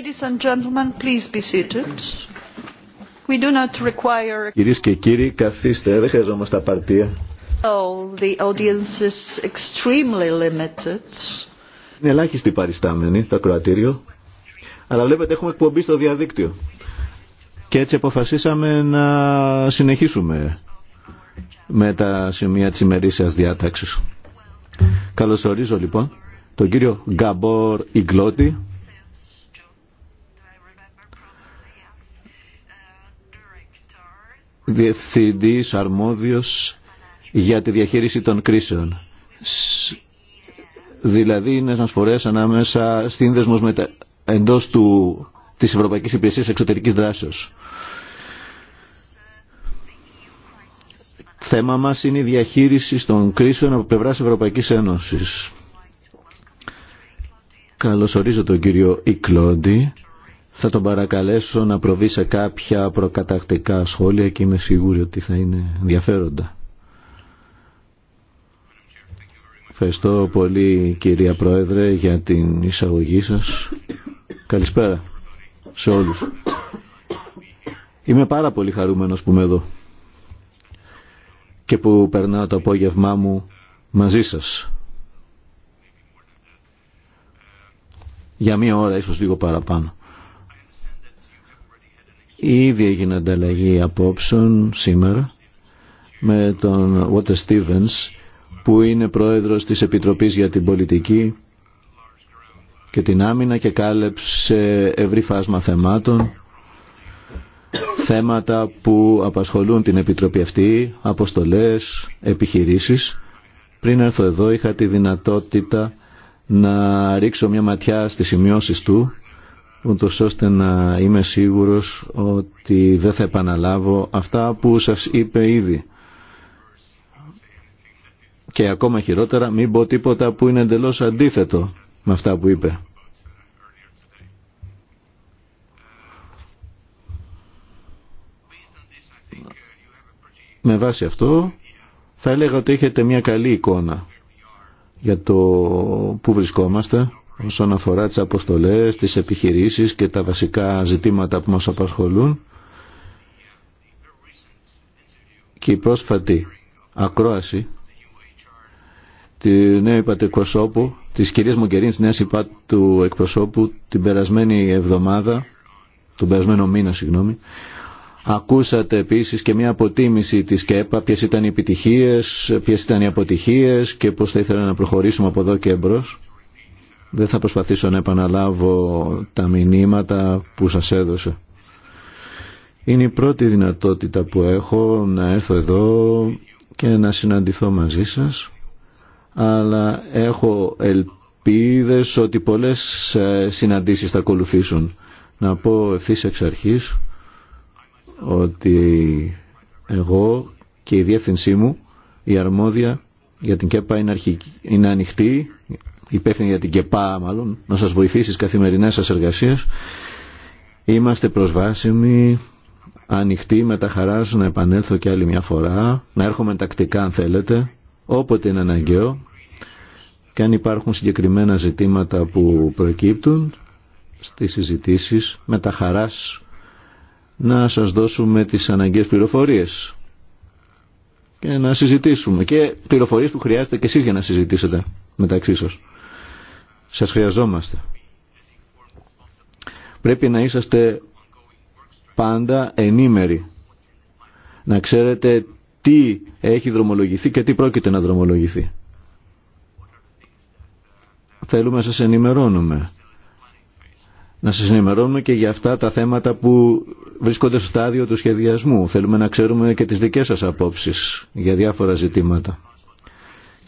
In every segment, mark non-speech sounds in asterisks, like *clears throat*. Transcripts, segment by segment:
Κυρίε Κυρίες και κύριοι, καθίστε, δεν χρειαζόμαστε απαρτία. Είναι ελάχιστη παριστάμενη το ακροατήριο, αλλά βλέπετε έχουμε εκπομπή στο διαδίκτυο. Και έτσι αποφασίσαμε να συνεχίσουμε με τα σημεία της ημερήσιας διάταξης. Καλωσορίζω λοιπόν τον κύριο Γκαμπόρ Ιγκλώτη, διευθυντής αρμόδιος για τη διαχείριση των κρίσεων. Δηλαδή είναι ένας φορές ανάμεσα σύνδεσμος μετα... εντός του... της Ευρωπαϊκής Υπηρεσίας Εξωτερικής Δράσεως. Θέμα μας είναι η διαχείριση των κρίσεων από πλευράς Ευρωπαϊκής Ένωσης. Καλωσορίζω τον κύριο Ικλόντι θα τον παρακαλέσω να προβεί σε κάποια προκατακτικά σχόλια και είμαι σίγουρη ότι θα είναι ενδιαφέροντα. Ευχαριστώ πολύ κυρία Πρόεδρε για την εισαγωγή σας. Καλησπέρα σε όλους. Είμαι πάρα πολύ χαρούμενος που είμαι εδώ και που περνάω το απόγευμά μου μαζί σας. Για μία ώρα, ίσως λίγο παραπάνω. Ήδη έγινε ανταλλαγή απόψεων σήμερα με τον Water Stevens που είναι πρόεδρος της Επιτροπής για την Πολιτική και την Άμυνα και κάλεψε ευρύ φάσμα θεμάτων θέματα που απασχολούν την Επιτροπή αυτή, αποστολές, επιχειρήσεις. Πριν έρθω εδώ είχα τη δυνατότητα να ρίξω μια ματιά στις σημειώσεις του ούτως ώστε να είμαι σίγουρος ότι δεν θα επαναλάβω αυτά που σας είπε ήδη. Και ακόμα χειρότερα μην πω τίποτα που είναι εντελώς αντίθετο με αυτά που είπε. Με βάση αυτό θα έλεγα ότι έχετε μια καλή εικόνα για το που βρισκόμαστε όσον αφορά τις αποστολές, τις επιχειρήσεις και τα βασικά ζητήματα που μας απασχολούν και η πρόσφατη ακρόαση του νέου υπατου εκπροσώπου της κυρίας Μογκερίνης νέας υπάτου εκπροσώπου την περασμένη εβδομάδα τον περασμένο μήνα συγγνώμη Ακούσατε επίσης και μια αποτίμηση της ΚΕΠΑ, ποιες ήταν οι επιτυχίες, ποιες ήταν οι αποτυχίες και πώς θα ήθελα να προχωρήσουμε από εδώ και εμπρός. Δεν θα προσπαθήσω να επαναλάβω τα μηνύματα που σας έδωσε. Είναι η πρώτη δυνατότητα που έχω να έρθω εδώ και να συναντηθώ μαζί σας, αλλά έχω ελπίδες ότι πολλές ε, συναντήσεις θα ακολουθήσουν. Να πω ευθύ εξ αρχής ότι εγώ και η διεύθυνσή μου, η αρμόδια για την ΚΕΠΑ είναι, αρχική, είναι ανοιχτή υπεύθυνη για την ΚΕΠΑ μάλλον, να σας βοηθήσει στις καθημερινές σας εργασίες. Είμαστε προσβάσιμοι, ανοιχτοί με τα χαράς να επανέλθω και άλλη μια φορά, να έρχομαι τακτικά αν θέλετε, όποτε είναι αναγκαίο και αν υπάρχουν συγκεκριμένα ζητήματα που προκύπτουν στις συζητήσεις με τα χαράς να σας δώσουμε τις αναγκαίες πληροφορίες και να συζητήσουμε και πληροφορίες που χρειάζεται και εσείς για να συζητήσετε μεταξύ σας. Σας χρειαζόμαστε. Πρέπει να είσαστε πάντα ενήμεροι. Να ξέρετε τι έχει δρομολογηθεί και τι πρόκειται να δρομολογηθεί. Θέλουμε να σας ενημερώνουμε. Να σας ενημερώνουμε και για αυτά τα θέματα που βρίσκονται στο στάδιο του σχεδιασμού. Θέλουμε να ξέρουμε και τις δικές σας απόψεις για διάφορα ζητήματα.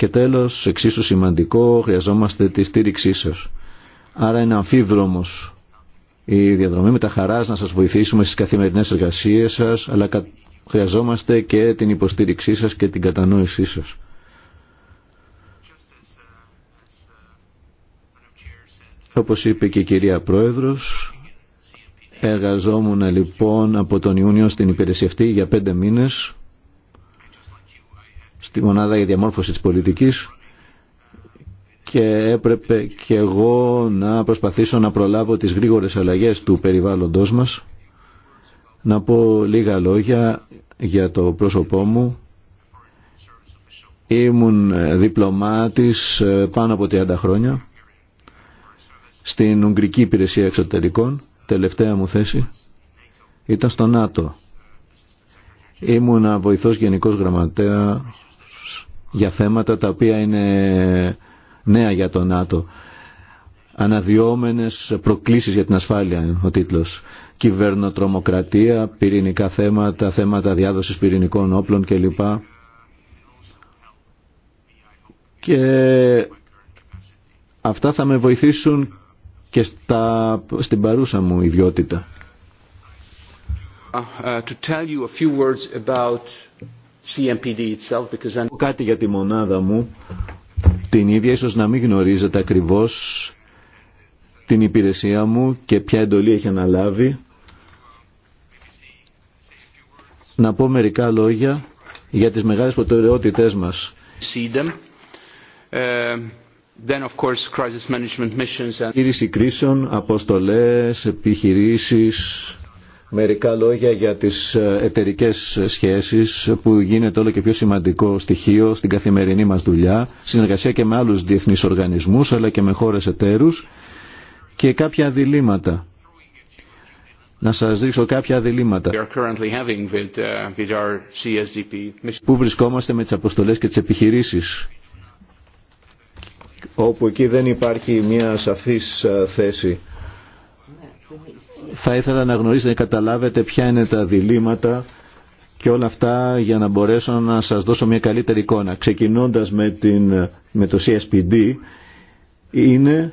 Και τέλος, εξίσου σημαντικό, χρειαζόμαστε τη στήριξή σας. Άρα είναι αμφίδρομος η διαδρομή με τα χαράς να σας βοηθήσουμε στις καθημερινές εργασίες σας, αλλά χρειαζόμαστε και την υποστήριξή σας και την κατανόησή σας. Όπως είπε και η κυρία Πρόεδρος, εργαζόμουν λοιπόν από τον Ιούνιο στην υπηρεσία για πέντε μήνες στη μονάδα για διαμόρφωση της πολιτικής και έπρεπε και εγώ να προσπαθήσω να προλάβω τις γρήγορες αλλαγές του περιβάλλοντός μας. Να πω λίγα λόγια για το πρόσωπό μου. Ήμουν διπλωμάτης ε, πάνω από 30 χρόνια στην Ουγγρική Υπηρεσία Εξωτερικών, τελευταία μου θέση, ήταν στο ΝΑΤΟ. Ήμουνα βοηθός γενικός γραμματέα για θέματα τα οποία είναι νέα για το ΝΑΤΟ. Αναδιόμενες προκλήσεις για την ασφάλεια ο τίτλος. Κυβέρνοτρομοκρατία, πυρηνικά θέματα, θέματα διάδοσης πυρηνικών όπλων κλπ. Και αυτά θα με βοηθήσουν και στην παρούσα μου ιδιότητα. Uh, uh, to tell you a few Κάτι για τη μονάδα μου, την ίδια ίσως να μην γνωρίζετε ακριβώς την υπηρεσία μου και ποια εντολή έχει αναλάβει. Να πω μερικά λόγια για τις μεγάλες προτεραιότητές μας. Uh, then, κρίσεων, αποστολές, επιχειρήσεις, Μερικά λόγια για τις ε, εταιρικές σχέσεις που γίνεται όλο και πιο σημαντικό στοιχείο στην καθημερινή μας δουλειά, συνεργασία και με άλλους διεθνείς οργανισμούς αλλά και με χώρες εταίρους και κάποια διλήμματα. Να σας δείξω κάποια διλήμματα uh, που βρισκόμαστε με τις αποστολές και τις επιχειρήσεις όπου εκεί δεν υπάρχει μια σαφής ε, θέση ναι, θα ήθελα να γνωρίζετε να καταλάβετε ποια είναι τα διλήμματα και όλα αυτά για να μπορέσω να σας δώσω μια καλύτερη εικόνα. Ξεκινώντας με, την, με το CSPD είναι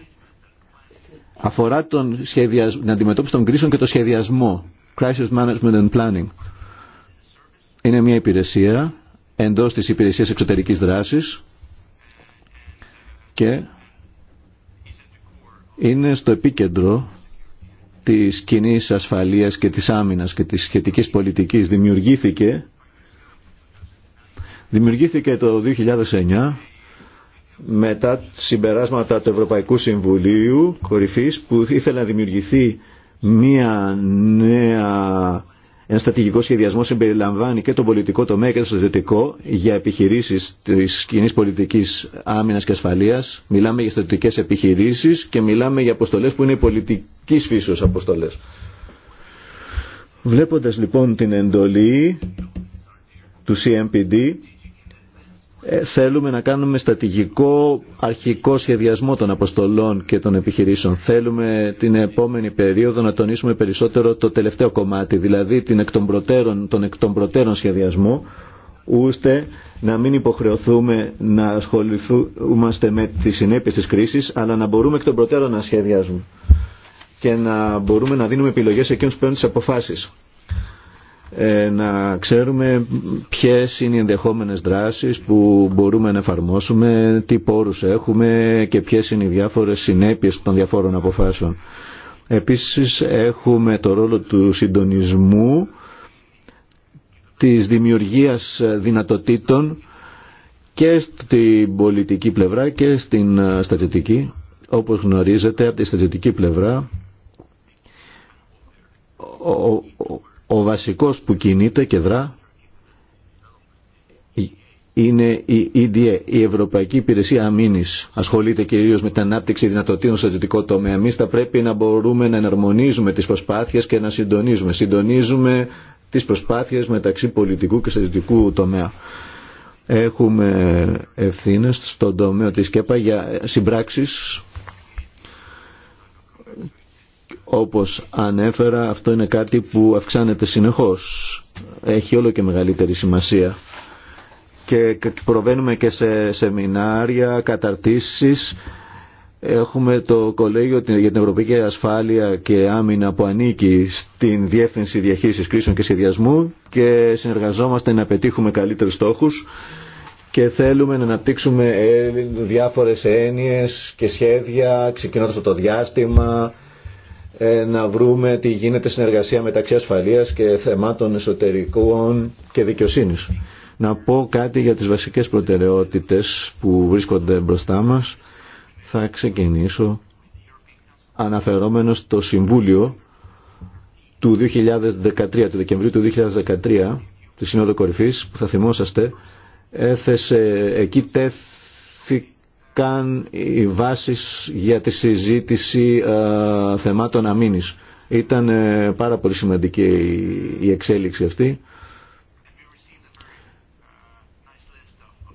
αφορά τον σχεδιασμό, την αντιμετώπιση των κρίσεων και το σχεδιασμό. Crisis Management and Planning. Είναι μια υπηρεσία εντός της υπηρεσίας εξωτερικής δράσης και είναι στο επίκεντρο της κοινή ασφαλείας και της άμυνας και της σχετικής πολιτικής δημιουργήθηκε δημιουργήθηκε το 2009 μετά συμπεράσματα του Ευρωπαϊκού Συμβουλίου Κορυφής που ήθελε να δημιουργηθεί μία νέα ένα στρατηγικό σχεδιασμό συμπεριλαμβάνει και τον πολιτικό τομέα και το στρατιωτικό για επιχειρήσει τη κοινή πολιτική άμυνα και ασφαλεία. Μιλάμε για στρατιωτικέ επιχειρήσει και μιλάμε για αποστολέ που είναι πολιτική φύσεω αποστολέ. Βλέποντας λοιπόν την εντολή του CMPD ε, θέλουμε να κάνουμε στατηγικό αρχικό σχεδιασμό των αποστολών και των επιχειρήσεων. Θέλουμε την επόμενη περίοδο να τονίσουμε περισσότερο το τελευταίο κομμάτι, δηλαδή την εκ των προτέρων, τον εκ των προτέρων σχεδιασμό, ώστε να μην υποχρεωθούμε να ασχοληθούμε με τις συνέπειες της κρίσης, αλλά να μπορούμε εκ των προτέρων να σχεδιάζουμε και να μπορούμε να δίνουμε επιλογές εκείνους που παίρνουν τις αποφάσεις. Ε, να ξέρουμε ποιες είναι οι ενδεχόμενες δράσεις που μπορούμε να εφαρμόσουμε, τι πόρους έχουμε και ποιες είναι οι διάφορες συνέπειες των διαφόρων αποφάσεων. Επίσης έχουμε το ρόλο του συντονισμού, της δημιουργίας δυνατοτήτων και στην πολιτική πλευρά και στην ε, στατιωτική. Όπως γνωρίζετε από τη στατιωτική πλευρά ο βασικός που κινείται και δρά είναι η EDA, η Ευρωπαϊκή Υπηρεσία Αμήνη. Ασχολείται κυρίω με την ανάπτυξη δυνατοτήτων στο δυτικό τομέα. Εμεί θα πρέπει να μπορούμε να εναρμονίζουμε τι προσπάθειε και να συντονίζουμε. Συντονίζουμε τι προσπάθειε μεταξύ πολιτικού και στρατιωτικού τομέα. Έχουμε ευθύνε στον τομέα τη ΚΕΠΑ για συμπράξει όπως ανέφερα, αυτό είναι κάτι που αυξάνεται συνεχώς. Έχει όλο και μεγαλύτερη σημασία. Και προβαίνουμε και σε σεμινάρια, καταρτήσεις. Έχουμε το Κολέγιο για την Ευρωπαϊκή Ασφάλεια και Άμυνα που ανήκει στην Διεύθυνση Διαχείρισης Κρίσεων και Σχεδιασμού και συνεργαζόμαστε να πετύχουμε καλύτερους στόχους και θέλουμε να αναπτύξουμε ε, διάφορες έννοιες και σχέδια ξεκινώντας το διάστημα, ε, να βρούμε τι γίνεται συνεργασία μεταξύ ασφαλείας και θεμάτων εσωτερικών και δικαιοσύνης. Να πω κάτι για τις βασικές προτεραιότητες που βρίσκονται μπροστά μας. Θα ξεκινήσω αναφερόμενος το Συμβούλιο του 2013, του Δεκεμβρίου του 2013, τη Συνόδο Κορυφής, που θα θυμόσαστε, έθεσε, εκεί τέθηκε καν οι βάσεις για τη συζήτηση ε, θεμάτων αμήνης. Ήταν ε, πάρα πολύ σημαντική η εξέλιξη αυτή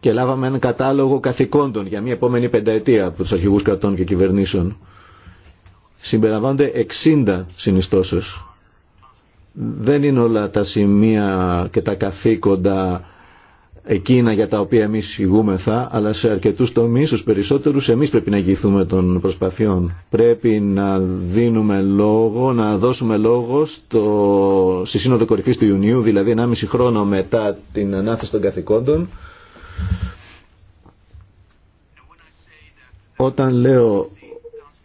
και λάβαμε έναν κατάλογο καθηκόντων για μια επόμενη πενταετία από τους αρχηγούς κρατών και κυβερνήσεων. Συμπεριλαμβάνονται 60 συνιστώσεις. Δεν είναι όλα τα σημεία και τα καθήκοντα εκείνα για τα οποία εμείς ηγούμεθα, αλλά σε αρκετούς τομείς, στους περισσότερους, εμείς πρέπει να ηγηθούμε των προσπαθειών. Πρέπει να δίνουμε λόγο, να δώσουμε λόγο στο, στη Σύνοδο Κορυφής του Ιουνίου, δηλαδή 1,5 χρόνο μετά την ανάθεση των καθηκόντων. Όταν λέω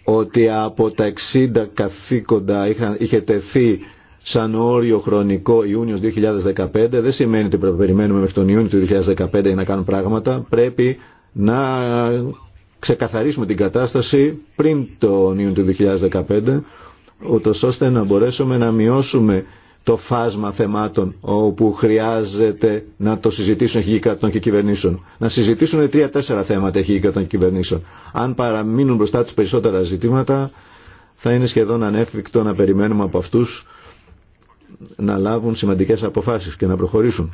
ότι από τα 60 καθήκοντα είχε τεθεί σαν όριο χρονικό Ιούνιος 2015 δεν σημαίνει ότι πρέπει να περιμένουμε μέχρι τον Ιούνιο του 2015 για να κάνουν πράγματα. Πρέπει να ξεκαθαρίσουμε την κατάσταση πριν τον Ιούνιο του 2015 ώστε να μπορέσουμε να μειώσουμε το φάσμα θεμάτων όπου χρειάζεται να το συζητήσουν οι κρατών και κυβερνήσεων. Να συζητήσουν τρία-τέσσερα θέματα οι των και κυβερνήσεων. Αν παραμείνουν μπροστά τους περισσότερα ζητήματα, θα είναι σχεδόν ανέφικτο να περιμένουμε από αυτούς να λάβουν σημαντικές αποφάσεις και να προχωρήσουν.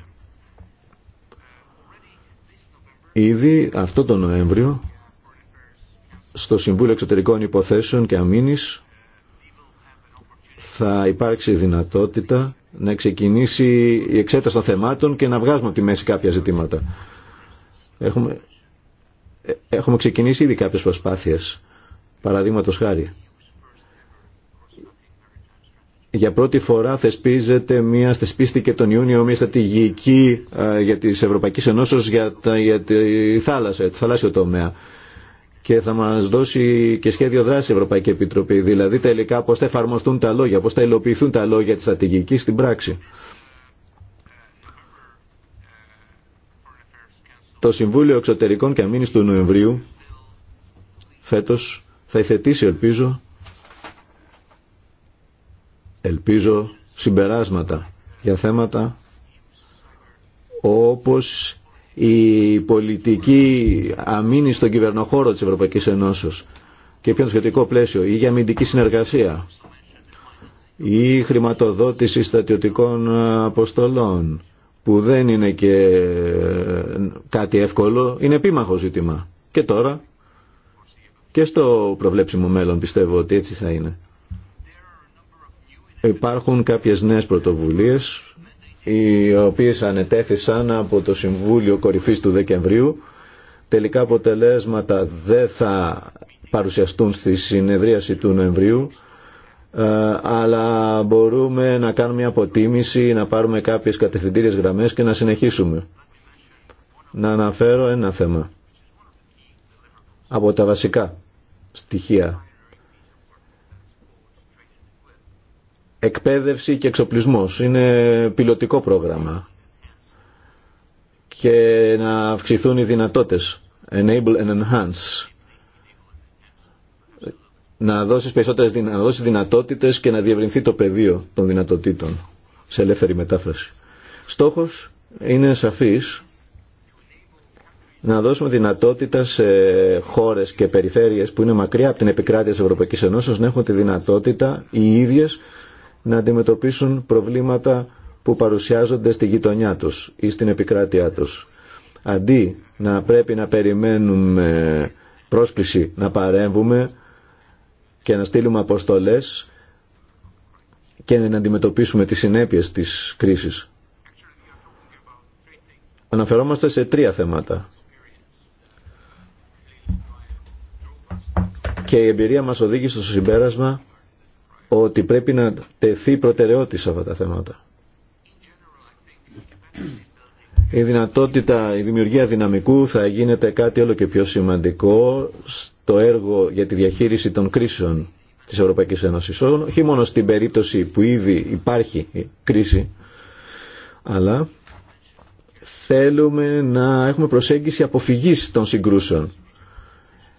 Ήδη αυτό το Νοέμβριο στο Συμβούλιο Εξωτερικών Υποθέσεων και Αμήνης θα υπάρξει δυνατότητα να ξεκινήσει η εξέταση των θεμάτων και να βγάζουμε από τη μέση κάποια ζητήματα. Έχουμε, ε, έχουμε ξεκινήσει ήδη κάποιες προσπάθειες, παραδείγματος χάρη για πρώτη φορά θεσπίζεται μια, θεσπίστηκε τον Ιούνιο μια στρατηγική ε, για τις Ευρωπαϊκές Ενώσεις για, τα, για τη θάλασσα, το θαλάσσιο τομέα. Και θα μας δώσει και σχέδιο δράση η Ευρωπαϊκή Επιτροπή. Δηλαδή τελικά πώς θα εφαρμοστούν τα λόγια, πώς θα υλοποιηθούν τα λόγια της στρατηγικής στην πράξη. Το Συμβούλιο Εξωτερικών και Αμήνης του Νοεμβρίου φέτος θα υθετήσει ελπίζω ελπίζω, συμπεράσματα για θέματα όπως η πολιτική αμήνη στον κυβερνοχώρο της Ευρωπαϊκής Ενώσεως και πιο σχετικό πλαίσιο ή για αμυντική συνεργασία ή χρηματοδότηση στατιωτικών αποστολών που δεν είναι και κάτι εύκολο, είναι επίμαχο ζήτημα. Και τώρα και στο προβλέψιμο μέλλον πιστεύω ότι έτσι θα είναι. Υπάρχουν κάποιες νέες πρωτοβουλίες οι οποίες ανετέθησαν από το Συμβούλιο Κορυφής του Δεκεμβρίου. Τελικά αποτελέσματα δεν θα παρουσιαστούν στη συνεδρίαση του Νοεμβρίου ε, αλλά μπορούμε να κάνουμε μια αποτίμηση, να πάρουμε κάποιες κατευθυντήριες γραμμές και να συνεχίσουμε. Να αναφέρω ένα θέμα από τα βασικά στοιχεία εκπαίδευση και εξοπλισμός. Είναι πιλωτικό πρόγραμμα και να αυξηθούν οι δυνατότητες. Enable and enhance. Να δώσεις περισσότερες να δώσεις δυνατότητες και να διευρυνθεί το πεδίο των δυνατοτήτων σε ελεύθερη μετάφραση. Στόχος είναι σαφής να δώσουμε δυνατότητα σε χώρες και περιφέρειες που είναι μακριά από την επικράτεια της Ευρωπαϊκής Ενώσεως να έχουν τη δυνατότητα οι ίδιες να αντιμετωπίσουν προβλήματα που παρουσιάζονται στη γειτονιά τους ή στην επικράτειά τους. Αντί να πρέπει να περιμένουμε πρόσκληση να παρέμβουμε και να στείλουμε αποστολές και να αντιμετωπίσουμε τις συνέπειες της κρίσης. Αναφερόμαστε σε τρία θέματα. Και η εμπειρία μας οδήγησε στο συμπέρασμα ότι πρέπει να τεθεί προτεραιότητα σε αυτά τα θέματα. Η δυνατότητα, η δημιουργία δυναμικού θα γίνεται κάτι όλο και πιο σημαντικό στο έργο για τη διαχείριση των κρίσεων της Ευρωπαϊκής Ένωσης. Όχι μόνο στην περίπτωση που ήδη υπάρχει κρίση, αλλά θέλουμε να έχουμε προσέγγιση αποφυγής των συγκρούσεων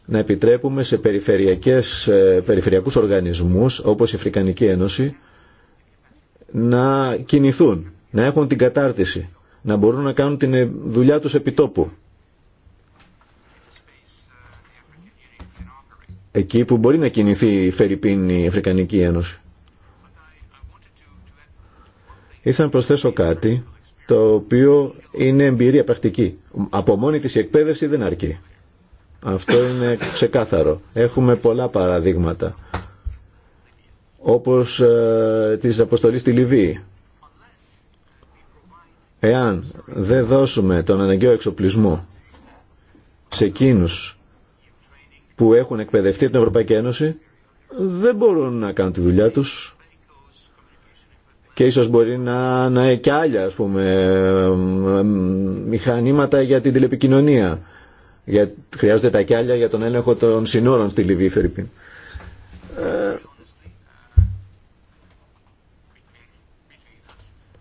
να επιτρέπουμε σε περιφερειακές, ε, περιφερειακούς οργανισμούς όπως η Αφρικανική Ένωση να κινηθούν, να έχουν την κατάρτιση, να μπορούν να κάνουν την ε, δουλειά τους επιτόπου. Εκεί που μπορεί να κινηθεί η Φερρυπίνη η Αφρικανική Ένωση. Ήθελα να προσθέσω κάτι το οποίο είναι εμπειρία πρακτική. Από μόνη της η εκπαίδευση δεν αρκεί. Αυτό είναι ξεκάθαρο. Έχουμε πολλά παραδείγματα. Όπως ε, της αποστολής στη Λιβύη. Εάν δεν δώσουμε τον αναγκαίο εξοπλισμό σε εκείνους που έχουν εκπαιδευτεί από την Ευρωπαϊκή Ένωση, δεν μπορούν να κάνουν τη δουλειά τους και ίσως μπορεί να, να και άλλα ας πούμε μηχανήματα για την τηλεπικοινωνία για, χρειάζονται τα κιάλια για τον έλεγχο των συνόρων στη Λιβύη, Φερρυπίν. Ε,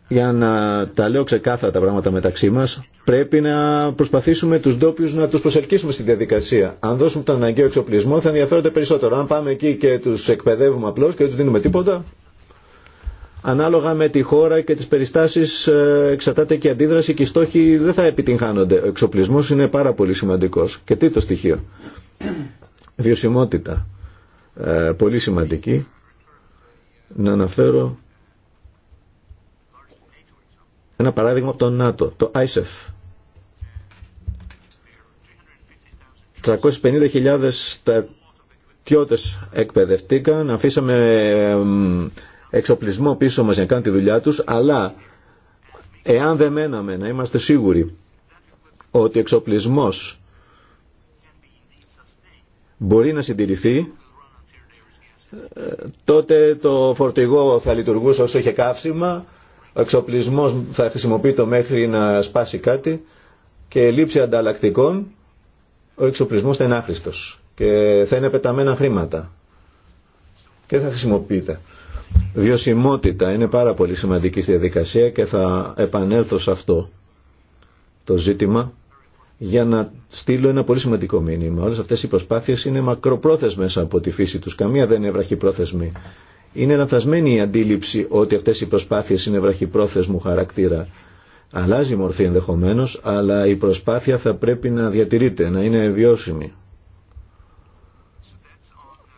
για να τα λέω ξεκάθαρα τα πράγματα μεταξύ μας, πρέπει να προσπαθήσουμε τους ντόπιου να τους προσελκύσουμε στη διαδικασία. Αν δώσουμε τον αναγκαίο εξοπλισμό θα ενδιαφέρονται περισσότερο. Αν πάμε εκεί και τους εκπαιδεύουμε απλώς και δεν τους δίνουμε τίποτα, ανάλογα με τη χώρα και τις περιστάσεις ε, εξαρτάται και η αντίδραση και οι στόχοι δεν θα επιτυγχάνονται. Ο εξοπλισμός είναι πάρα πολύ σημαντικός. Και τι το στοιχείο, βιωσιμότητα, ε, πολύ σημαντική. Να αναφέρω ένα παράδειγμα από το ΝΑΤΟ, το ISEF. 350.000 στρατιώτες εκπαιδευτήκαν, αφήσαμε εξοπλισμό πίσω μας για να κάνουν τη δουλειά τους, αλλά εάν δεν μέναμε να είμαστε σίγουροι ότι ο εξοπλισμός μπορεί να συντηρηθεί, τότε το φορτηγό θα λειτουργούσε όσο είχε καύσιμα, ο εξοπλισμός θα χρησιμοποιείται μέχρι να σπάσει κάτι και λήψη ανταλλακτικών, ο εξοπλισμός θα είναι άχρηστος και θα είναι πεταμένα χρήματα και θα χρησιμοποιείται. Βιωσιμότητα είναι πάρα πολύ σημαντική στη διαδικασία και θα επανέλθω σε αυτό το ζήτημα για να στείλω ένα πολύ σημαντικό μήνυμα. Όλες αυτές οι προσπάθειες είναι μακροπρόθεσμες από τη φύση τους. Καμία δεν είναι βραχυπρόθεσμη. Είναι λανθασμένη η αντίληψη ότι αυτές οι προσπάθειες είναι βραχυπρόθεσμου χαρακτήρα. Αλλάζει η μορφή ενδεχομένως, αλλά η προσπάθεια θα πρέπει να διατηρείται, να είναι βιώσιμη.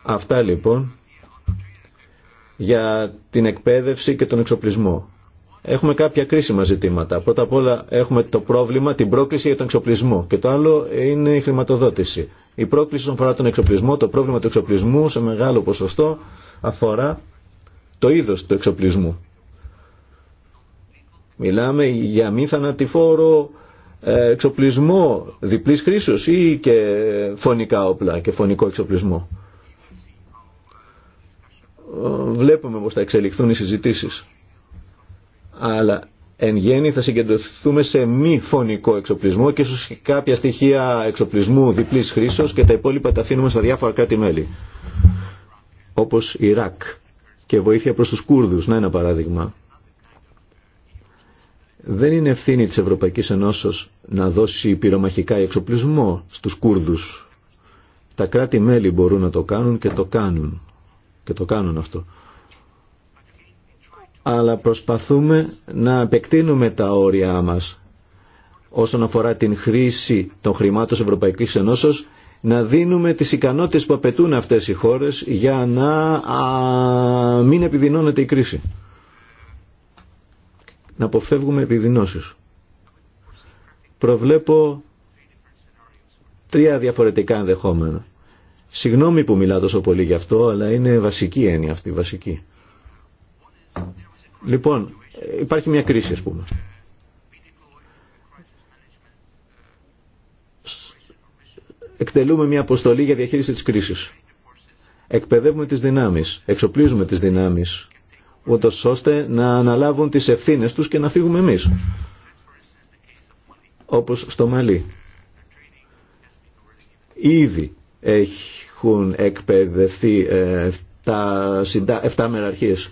Αυτά λοιπόν για την εκπαίδευση και τον εξοπλισμό. Έχουμε κάποια κρίσιμα ζητήματα. Πρώτα απ' όλα έχουμε το πρόβλημα, την πρόκληση για τον εξοπλισμό. Και το άλλο είναι η χρηματοδότηση. Η πρόκληση όσον αφορά τον εξοπλισμό, το πρόβλημα του εξοπλισμού σε μεγάλο ποσοστό αφορά το είδος του εξοπλισμού. Μιλάμε για μη θανατηφόρο ε, εξοπλισμό διπλής χρήσεως ή και φωνικά όπλα και φωνικό εξοπλισμό βλέπουμε πώς θα εξελιχθούν οι συζητήσεις. Αλλά εν γέννη θα συγκεντρωθούμε σε μη φωνικό εξοπλισμό και ίσως κάποια στοιχεία εξοπλισμού διπλής χρήσεως και τα υπόλοιπα τα αφήνουμε στα διαφορα κάτι κράτη-μέλη. Όπως Ιράκ και βοήθεια προς τους Κούρδους, να ένα παράδειγμα. Δεν είναι ευθύνη της Ευρωπαϊκής Ενώσεως να δώσει πυρομαχικά εξοπλισμό στους Κούρδους. Τα κράτη-μέλη μπορούν να το κάνουν και το κάνουν και το κάνουν αυτό. Αλλά προσπαθούμε να επεκτείνουμε τα όρια μας όσον αφορά την χρήση των χρημάτων της Ευρωπαϊκής Ενώσεως να δίνουμε τις ικανότητες που απαιτούν αυτές οι χώρες για να α, μην επιδεινώνεται η κρίση. Να αποφεύγουμε επιδεινώσεις. Προβλέπω τρία διαφορετικά ενδεχόμενα. Συγγνώμη που μιλάω τόσο πολύ γι' αυτό, αλλά είναι βασική έννοια αυτή, βασική. Λοιπόν, υπάρχει μια κρίση, ας πούμε. Εκτελούμε μια αποστολή για διαχείριση της κρίσης. Εκπαιδεύουμε τις δυνάμεις, εξοπλίζουμε τις δυνάμεις, ούτως ώστε να αναλάβουν τις ευθύνες τους και να φύγουμε εμείς. Όπως στο Μαλί. Ήδη έχουν εκπαιδευτεί 7, ε, 7 μεραρχίες.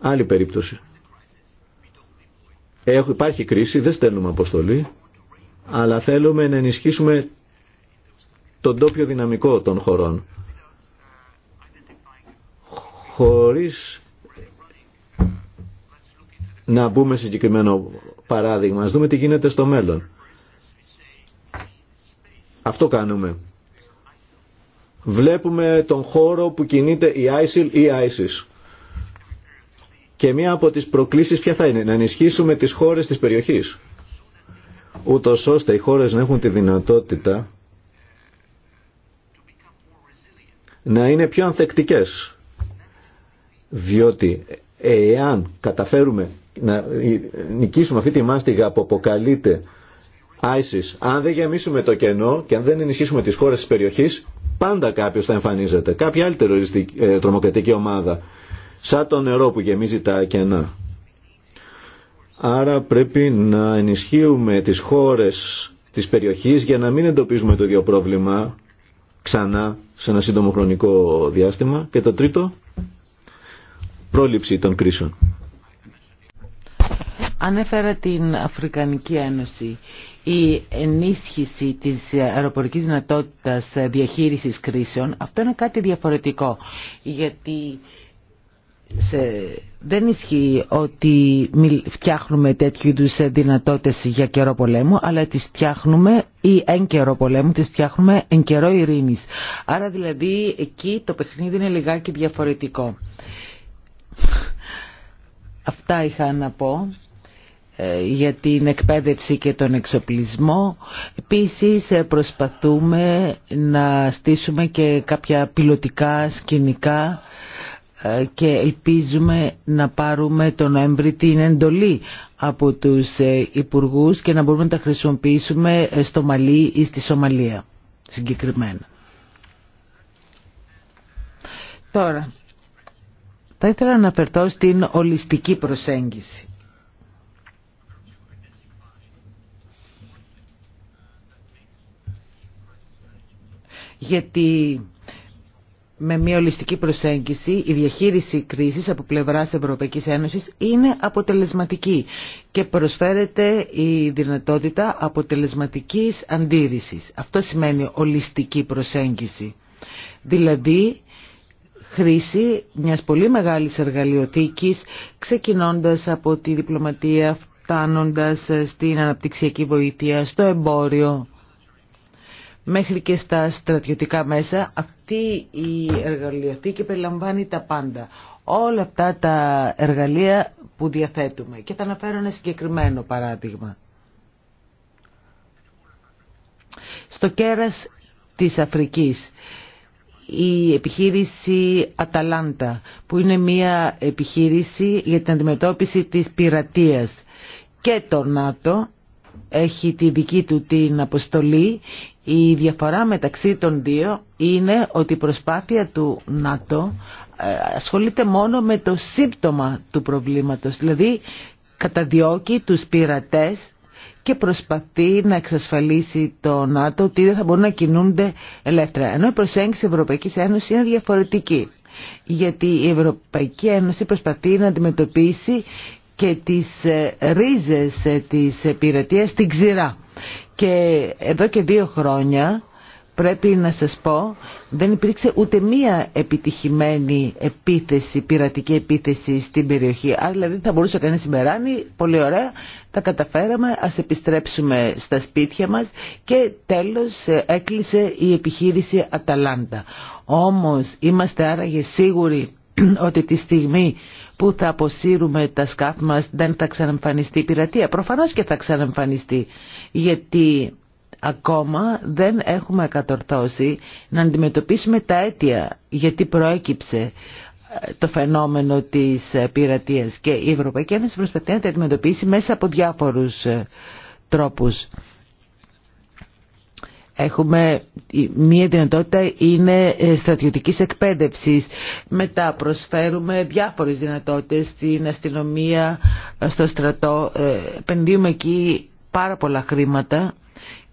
Άλλη περίπτωση. υπάρχει κρίση, δεν στέλνουμε αποστολή, αλλά θέλουμε να ενισχύσουμε τον τόπιο δυναμικό των χωρών. Χωρίς να μπούμε συγκεκριμένο παράδειγμα, ας δούμε τι γίνεται στο μέλλον. Αυτό κάνουμε. Βλέπουμε τον χώρο που κινείται η ISIL ή η ISIS. Και μία από τις προκλήσεις ποια θα είναι, να ενισχύσουμε τις χώρες της περιοχής. ούτω ώστε οι χώρες να έχουν τη δυνατότητα να είναι πιο ανθεκτικές. Διότι εάν καταφέρουμε να νικήσουμε αυτή τη μάστιγα που αποκαλείται ISIS. Αν δεν γεμίσουμε το κενό και αν δεν ενισχύσουμε τις χώρες της περιοχής, πάντα κάποιος θα εμφανίζεται. Κάποια άλλη ε, τρομοκρατική ομάδα. Σαν το νερό που γεμίζει τα κενά. Άρα πρέπει να ενισχύουμε τις χώρες της περιοχής για να μην εντοπίζουμε το ίδιο πρόβλημα ξανά σε ένα σύντομο χρονικό διάστημα. Και το τρίτο, πρόληψη των κρίσεων. Ανέφερα την Αφρικανική Ένωση η ενίσχυση της αεροπορικής δυνατότητας διαχείρισης κρίσεων, αυτό είναι κάτι διαφορετικό. Γιατί δεν ισχύει ότι φτιάχνουμε τέτοιου είδου δυνατότητες για καιρό πολέμου, αλλά τις φτιάχνουμε ή εν καιρό πολέμου, τις φτιάχνουμε εν καιρό ειρήνης. Άρα δηλαδή εκεί το παιχνίδι είναι λιγάκι διαφορετικό. Αυτά είχα να πω. Ε, για την εκπαίδευση και τον εξοπλισμό. Επίσης ε, προσπαθούμε να στήσουμε και κάποια πιλωτικά σκηνικά ε, και ελπίζουμε να πάρουμε τον Νοέμβρη την εντολή από τους υπουργούς και να μπορούμε να τα χρησιμοποιήσουμε στο Μαλί ή στη Σομαλία συγκεκριμένα. Τώρα, θα ήθελα να αναφερθώ στην ολιστική προσέγγιση. γιατί με μια ολιστική προσέγγιση η διαχείριση κρίσης από πλευράς Ευρωπαϊκής Ένωσης είναι αποτελεσματική και προσφέρεται η δυνατότητα αποτελεσματικής αντίρρησης. Αυτό σημαίνει ολιστική προσέγγιση. Δηλαδή χρήση μιας πολύ μεγάλης εργαλειοθήκης ξεκινώντας από τη διπλωματία, φτάνοντας στην αναπτυξιακή βοήθεια, στο εμπόριο μέχρι και στα στρατιωτικά μέσα. Αυτή η εργαλειοθήκη περιλαμβάνει τα πάντα. Όλα αυτά τα εργαλεία που διαθέτουμε. Και θα αναφέρω ένα συγκεκριμένο παράδειγμα. Στο κέρας της Αφρικής η επιχείρηση Αταλάντα που είναι μια επιχείρηση για την αντιμετώπιση της πειρατείας και το ΝΑΤΟ έχει τη δική του την αποστολή. Η διαφορά μεταξύ των δύο είναι ότι η προσπάθεια του ΝΑΤΟ ε, ασχολείται μόνο με το σύμπτωμα του προβλήματος, δηλαδή καταδιώκει τους πειρατές και προσπαθεί να εξασφαλίσει το ΝΑΤΟ ότι δεν θα μπορούν να κινούνται ελεύθερα. Ενώ η προσέγγιση Ευρωπαϊκής Ένωσης είναι διαφορετική γιατί η Ευρωπαϊκή Ένωση προσπαθεί να αντιμετωπίσει και τις ε, ρίζες ε, της πειρατείας στην ξηρά. Και εδώ και δύο χρόνια πρέπει να σας πω δεν υπήρξε ούτε μία επιτυχημένη επίθεση, πειρατική επίθεση στην περιοχή. Άρα δηλαδή θα μπορούσε κανείς συμπεράνει, πολύ ωραία, τα καταφέραμε, ας επιστρέψουμε στα σπίτια μας και τέλος ε, έκλεισε η επιχείρηση Αταλάντα. Όμως είμαστε άραγε σίγουροι *clears throat* ότι τη στιγμή που θα αποσύρουμε τα σκάφη μας δεν θα ξαναεμφανιστεί η πειρατεία. Προφανώς και θα ξαναεμφανιστεί γιατί ακόμα δεν έχουμε κατορθώσει να αντιμετωπίσουμε τα αίτια γιατί προέκυψε ε, το φαινόμενο της ε, πειρατείας και η Ευρωπαϊκή Ένωση προσπαθεί να τα αντιμετωπίσει μέσα από διάφορους ε, τρόπους. Έχουμε μία δυνατότητα είναι ε, στρατιωτικής εκπαίδευσης. Μετά προσφέρουμε διάφορες δυνατότητες στην αστυνομία, ε, στο στρατό. Ε, επενδύουμε εκεί πάρα πολλά χρήματα.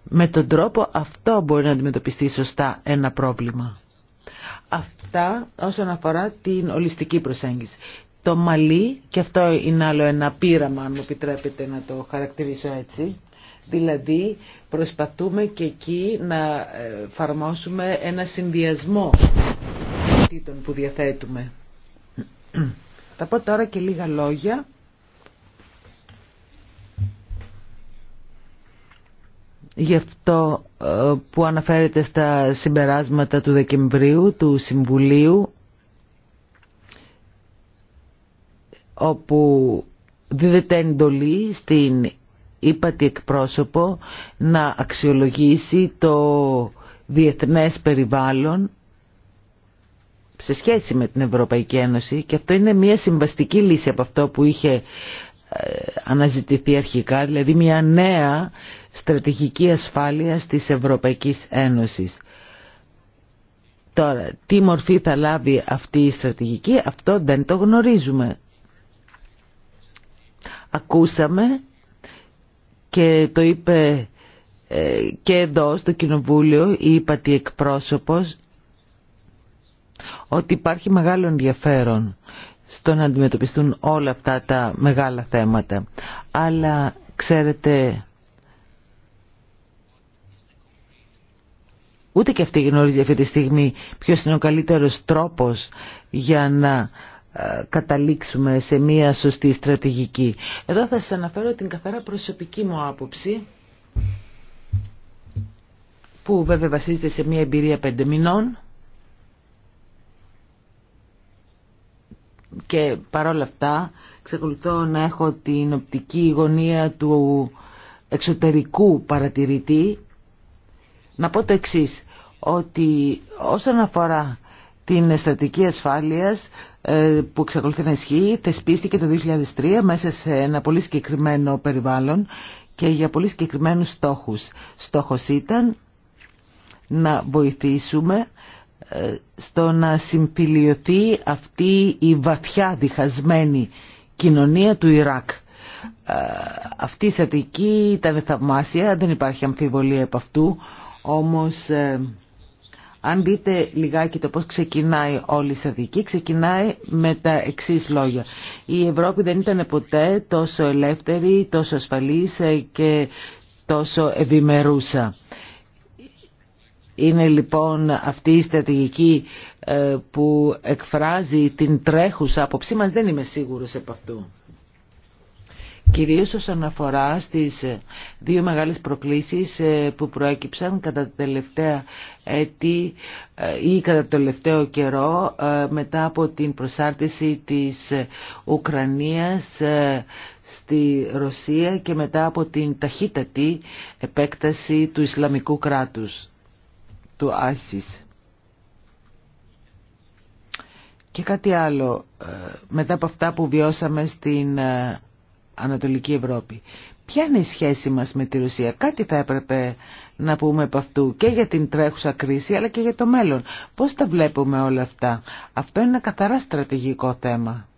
Με τον τρόπο αυτό μπορεί να αντιμετωπιστεί σωστά ένα πρόβλημα. Αυτά όσον αφορά την ολιστική προσέγγιση. Το μαλλί, και αυτό είναι άλλο ένα πείραμα, αν μου επιτρέπετε να το χαρακτηρίσω έτσι, Δηλαδή προσπαθούμε και εκεί να εφαρμόσουμε ένα συνδυασμό των που διαθέτουμε. Θα πω τώρα και λίγα λόγια. Γι' αυτό ε, που αναφέρεται στα συμπεράσματα του Δεκεμβρίου του Συμβουλίου όπου δίδεται εντολή στην ύπατη εκπρόσωπο να αξιολογήσει το διεθνές περιβάλλον σε σχέση με την Ευρωπαϊκή Ένωση και αυτό είναι μια συμβαστική λύση από αυτό που είχε ε, αναζητηθεί αρχικά, δηλαδή μια νέα στρατηγική ασφάλεια της Ευρωπαϊκής Ένωσης. Τώρα, τι μορφή θα λάβει αυτή η στρατηγική, αυτό δεν το γνωρίζουμε. Ακούσαμε και το είπε ε, και εδώ στο Κοινοβούλιο η ύπατη εκπρόσωπος ότι υπάρχει μεγάλο ενδιαφέρον στο να αντιμετωπιστούν όλα αυτά τα μεγάλα θέματα. Αλλά ξέρετε ούτε και αυτή γνωρίζει αυτή τη στιγμή ποιος είναι ο καλύτερος τρόπος για να ε, καταλήξουμε σε μία σωστή στρατηγική. Εδώ θα σας αναφέρω την καθαρά προσωπική μου άποψη που βέβαια βασίζεται σε μία εμπειρία πέντε μηνών και παρόλα αυτά ξεκολουθώ να έχω την οπτική γωνία του εξωτερικού παρατηρητή να πω το εξής ότι όσον αφορά την στρατική ασφάλειας ε, που εξακολουθεί να ισχύει θεσπίστηκε το 2003 μέσα σε ένα πολύ συγκεκριμένο περιβάλλον και για πολύ συγκεκριμένους στόχους. Στόχος ήταν να βοηθήσουμε ε, στο να συμφιλειωθεί αυτή η βαθιά διχασμένη κοινωνία του Ιράκ. Ε, αυτή η στρατηγική ήταν θαυμάσια, δεν υπάρχει αμφιβολία από αυτού, όμως αν δείτε λιγάκι το πώς ξεκινάει όλη η στρατηγική, ξεκινάει με τα εξή λόγια. Η Ευρώπη δεν ήταν ποτέ τόσο ελεύθερη, τόσο ασφαλής ε, και τόσο ευημερούσα. Είναι λοιπόν αυτή η στρατηγική ε, που εκφράζει την τρέχουσα άποψή μας, δεν είμαι σίγουρος από αυτού κυρίως όσον αφορά στις ε, δύο μεγάλες προκλήσεις ε, που προέκυψαν κατά τα τελευταία έτη ε, ή κατά το τελευταίο καιρό μετά από την προσάρτηση της Ουκρανίας στη Ρωσία και μετά από την ταχύτατη επέκταση του Ισλαμικού κράτους, του Άσις. Και κάτι άλλο, μετά από αυτά που βιώσαμε στην Ανατολική Ευρώπη. Ποια είναι η σχέση μας με τη Ρωσία. Κάτι θα έπρεπε να πούμε από αυτού και για την τρέχουσα κρίση αλλά και για το μέλλον. Πώς τα βλέπουμε όλα αυτά. Αυτό είναι ένα καθαρά στρατηγικό θέμα.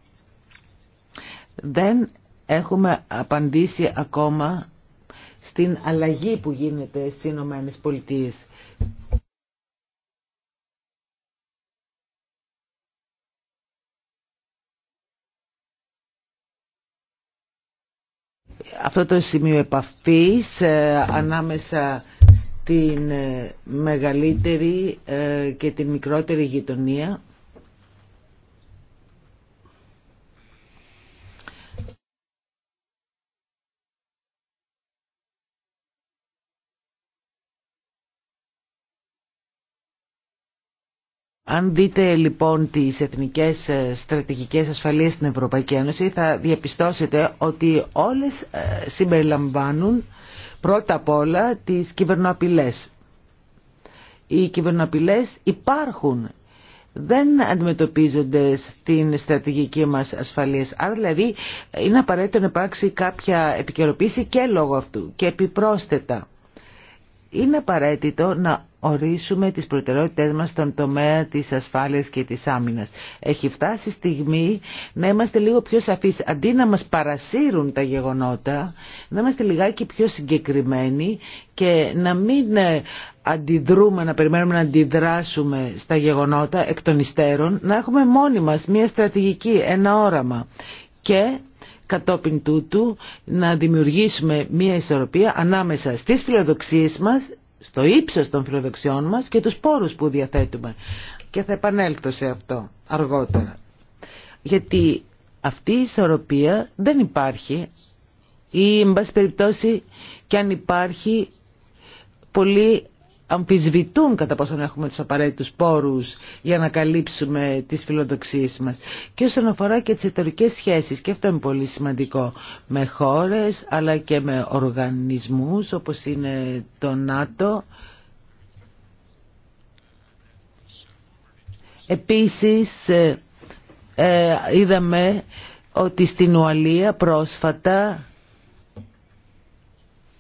Δεν έχουμε απαντήσει ακόμα στην αλλαγή που γίνεται στις Ηνωμένες Πολιτείες. αυτό το σημείο επαφής ε, ανάμεσα στην ε, μεγαλύτερη ε, και την μικρότερη γειτονία Αν δείτε λοιπόν τις εθνικές ε, στρατηγικές ασφαλείας στην Ευρωπαϊκή Ένωση θα διαπιστώσετε ότι όλες ε, συμπεριλαμβάνουν πρώτα απ' όλα τις κυβερνοαπειλές. Οι κυβερνοαπειλές υπάρχουν δεν αντιμετωπίζονται στην στρατηγική μας ασφαλείας. Άρα δηλαδή είναι απαραίτητο να υπάρξει κάποια επικαιροποίηση και λόγω αυτού και επιπρόσθετα είναι απαραίτητο να ορίσουμε τις προτεραιότητές μας στον τομέα της ασφάλειας και της άμυνας. Έχει φτάσει η στιγμή να είμαστε λίγο πιο σαφείς. Αντί να μας παρασύρουν τα γεγονότα, να είμαστε λιγάκι πιο συγκεκριμένοι και να μην ε, αντιδρούμε, να περιμένουμε να αντιδράσουμε στα γεγονότα εκ των υστέρων, να έχουμε μόνοι μας μια στρατηγική, ένα όραμα. Και κατόπιν τούτου να δημιουργήσουμε μια ισορροπία ανάμεσα στις φιλοδοξίες μας, στο ύψος των φιλοδοξιών μας και τους πόρους που διαθέτουμε. Και θα επανέλθω σε αυτό αργότερα. Γιατί αυτή η ισορροπία δεν υπάρχει ή, εν πάση περιπτώσει, και αν υπάρχει, πολύ αμφισβητούν κατά πόσον έχουμε τους απαραίτητους πόρους για να καλύψουμε τις φιλοδοξίες μας. Και όσον αφορά και τις εταιρικέ σχέσεις, και αυτό είναι πολύ σημαντικό, με χώρες αλλά και με οργανισμούς όπως είναι το ΝΑΤΟ. Επίσης ε, ε, είδαμε ότι στην Ουαλία πρόσφατα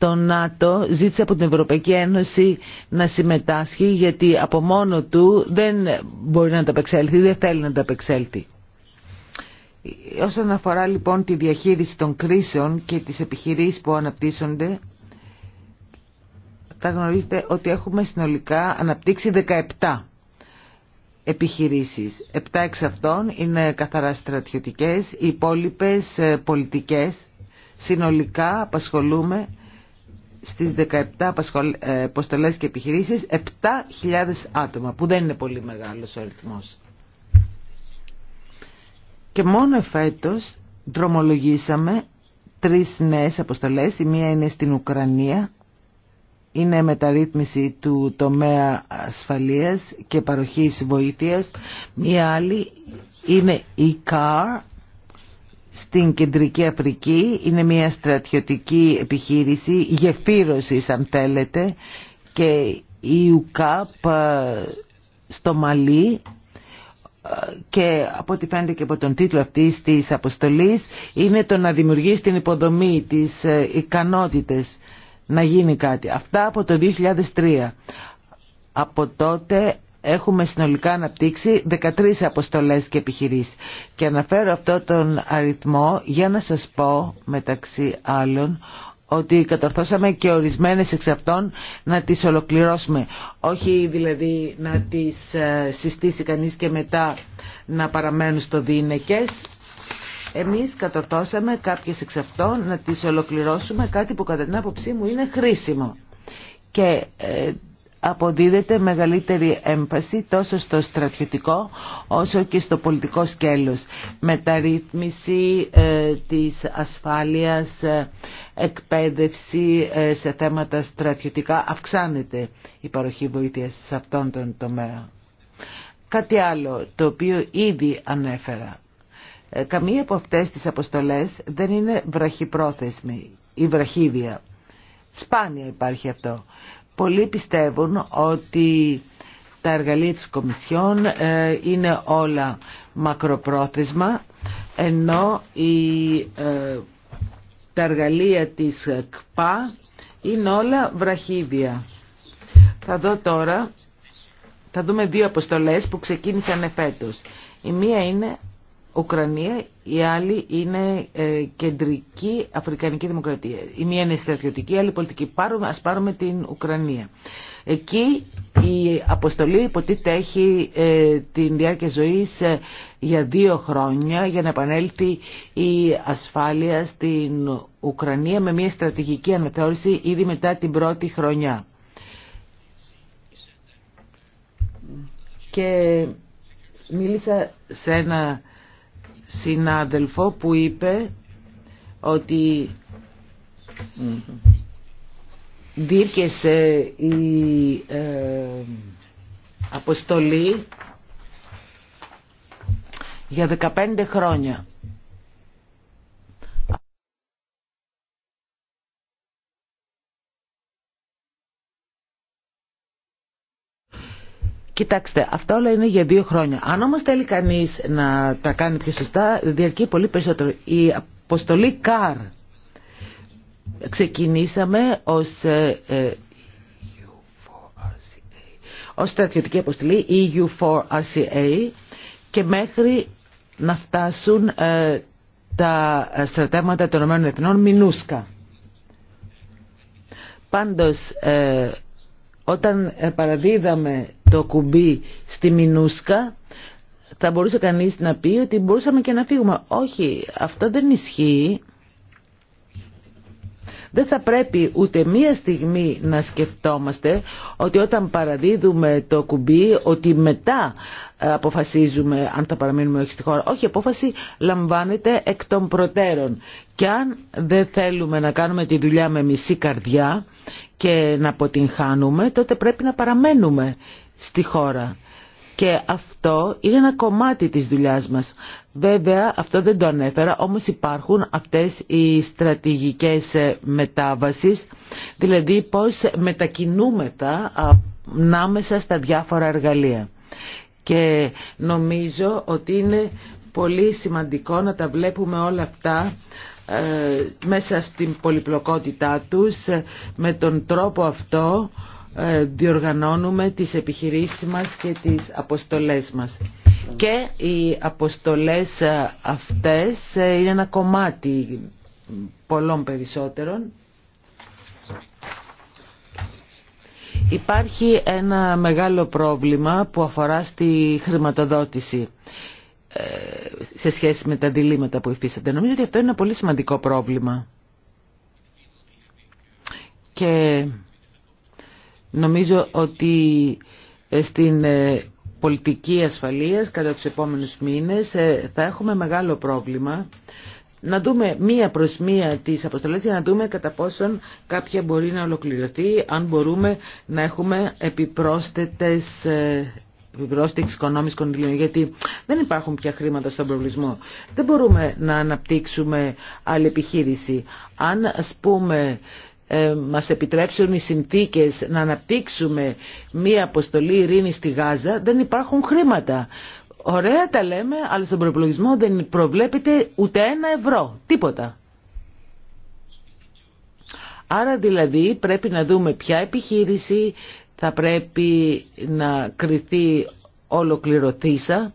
το ΝΑΤΟ ζήτησε από την Ευρωπαϊκή Ένωση να συμμετάσχει γιατί από μόνο του δεν μπορεί να τα απεξέλθει, δεν θέλει να τα Όσον αφορά λοιπόν τη διαχείριση των κρίσεων και τις επιχειρήσεις που αναπτύσσονται, θα γνωρίζετε ότι έχουμε συνολικά αναπτύξει 17 επιχειρήσεις. 7 εξ αυτών είναι καθαρά στρατιωτικές, οι υπόλοιπες ε, πολιτικές. Συνολικά απασχολούμε στις 17 ε, αποστολές και επιχειρήσεις 7.000 άτομα που δεν είναι πολύ μεγάλος ο αριθμός. Και μόνο φέτος δρομολογήσαμε τρεις νέες αποστολές. Η μία είναι στην Ουκρανία, είναι μεταρρύθμιση του τομέα ασφαλείας και παροχής βοήθειας. Μία άλλη είναι η CAR, στην Κεντρική Αφρική. Είναι μια στρατιωτική επιχείρηση γεφύρωσης αν θέλετε και η ΟΚΑΠ ε, στο Μαλί ε, και από ό,τι φαίνεται και από τον τίτλο αυτής της αποστολής είναι το να δημιουργήσει την υποδομή, της ε, ικανότητες να γίνει κάτι. Αυτά από το 2003. Από τότε έχουμε συνολικά αναπτύξει 13 αποστολές και επιχειρήσεις. Και αναφέρω αυτό τον αριθμό για να σας πω μεταξύ άλλων ότι κατορθώσαμε και ορισμένες εξ αυτών να τις ολοκληρώσουμε. Όχι δηλαδή να τις ε, συστήσει κανείς και μετά να παραμένουν στο διήνεκες. Εμείς κατορθώσαμε κάποιες εξ αυτών να τις ολοκληρώσουμε κάτι που κατά την άποψή μου είναι χρήσιμο. Ε, αποδίδεται μεγαλύτερη έμφαση τόσο στο στρατιωτικό όσο και στο πολιτικό σκέλος. Μεταρρύθμιση ε, της ασφάλειας, ε, εκπαίδευση ε, σε θέματα στρατιωτικά αυξάνεται η παροχή βοήθειας σε αυτόν τον τομέα. Κάτι άλλο το οποίο ήδη ανέφερα. Ε, καμία από αυτές τις αποστολές δεν είναι βραχυπρόθεσμη ή βραχύβια. Σπάνια υπάρχει αυτό. Πολλοί πιστεύουν ότι τα εργαλεία της Κομισιόν ε, είναι όλα μακροπρόθεσμα ενώ η, ε, τα εργαλεία της ΚΠΑ είναι όλα βραχίδια. Θα δω τώρα, θα δούμε δύο αποστολές που ξεκίνησαν φέτος. Η μία είναι Ουκρανία, η άλλη είναι ε, κεντρική Αφρικανική Δημοκρατία. Η μία είναι στρατιωτική, η άλλη πολιτική. Πάρουμε, ας πάρουμε την Ουκρανία. Εκεί η αποστολή υποτίθεται έχει ε, την διάρκεια ζωής ε, για δύο χρόνια για να επανέλθει η ασφάλεια στην Ουκρανία με μια στρατηγική αναθεώρηση ήδη μετά την πρώτη χρονιά. Και μίλησα σε ένα συνάδελφο που είπε ότι δίρκεσε η ε, αποστολή για 15 χρόνια. Κοιτάξτε, αυτά όλα είναι για δύο χρόνια. Αν όμω θέλει κανεί να τα κάνει πιο σωστά, διαρκεί πολύ περισσότερο. Η αποστολή CAR ξεκινήσαμε ε, ε, ως στρατιωτική αποστολή EU4RCA και μέχρι να φτάσουν ε, τα στρατεύματα των ΗΕ Μινούσκα. Πάντως, όταν παραδίδαμε το κουμπί στη Μινούσκα θα μπορούσε κανείς να πει ότι μπορούσαμε και να φύγουμε. Όχι, αυτό δεν ισχύει. Δεν θα πρέπει ούτε μία στιγμή να σκεφτόμαστε ότι όταν παραδίδουμε το κουμπί ότι μετά ε, αποφασίζουμε αν θα παραμείνουμε όχι στη χώρα. Όχι, η απόφαση λαμβάνεται εκ των προτέρων. Και αν δεν θέλουμε να κάνουμε τη δουλειά με μισή καρδιά και να αποτυγχάνουμε, τότε πρέπει να παραμένουμε στη χώρα. Και αυτό είναι ένα κομμάτι της δουλειάς μας. Βέβαια αυτό δεν το ανέφερα, όμως υπάρχουν αυτές οι στρατηγικές ε, μετάβασεις, δηλαδή πώς μετακινούμεθα ανάμεσα στα διάφορα εργαλεία. Και νομίζω ότι είναι πολύ σημαντικό να τα βλέπουμε όλα αυτά ε, μέσα στην πολυπλοκότητά τους ε, με τον τρόπο αυτό ε, διοργανώνουμε τις επιχειρήσεις μας και τις αποστολές μας. Και οι αποστολές ε, αυτές ε, είναι ένα κομμάτι πολλών περισσότερων. Υπάρχει ένα μεγάλο πρόβλημα που αφορά στη χρηματοδότηση σε σχέση με τα διλήμματα που υφίστανται. Νομίζω ότι αυτό είναι ένα πολύ σημαντικό πρόβλημα. Και Νομίζω ότι ε, στην ε, πολιτική ασφαλείας κατά τους επόμενους μήνες ε, θα έχουμε μεγάλο πρόβλημα να δούμε μία προς μία τις αποστολές για να δούμε κατά πόσον κάποια μπορεί να ολοκληρωθεί, αν μπορούμε να έχουμε επιπρόσθετες επιπρόσθετη εξοικονόμηση κονδυλίων, γιατί δεν υπάρχουν πια χρήματα στον προβλησμό. Δεν μπορούμε να αναπτύξουμε άλλη επιχείρηση. Αν, ας πούμε, ε, μας επιτρέψουν οι συνθήκες να αναπτύξουμε μία αποστολή ειρήνη στη Γάζα, δεν υπάρχουν χρήματα. Ωραία τα λέμε, αλλά στον προπολογισμό δεν προβλέπεται ούτε ένα ευρώ, τίποτα. Άρα δηλαδή πρέπει να δούμε ποια επιχείρηση θα πρέπει να κριθεί ολοκληρωθήσα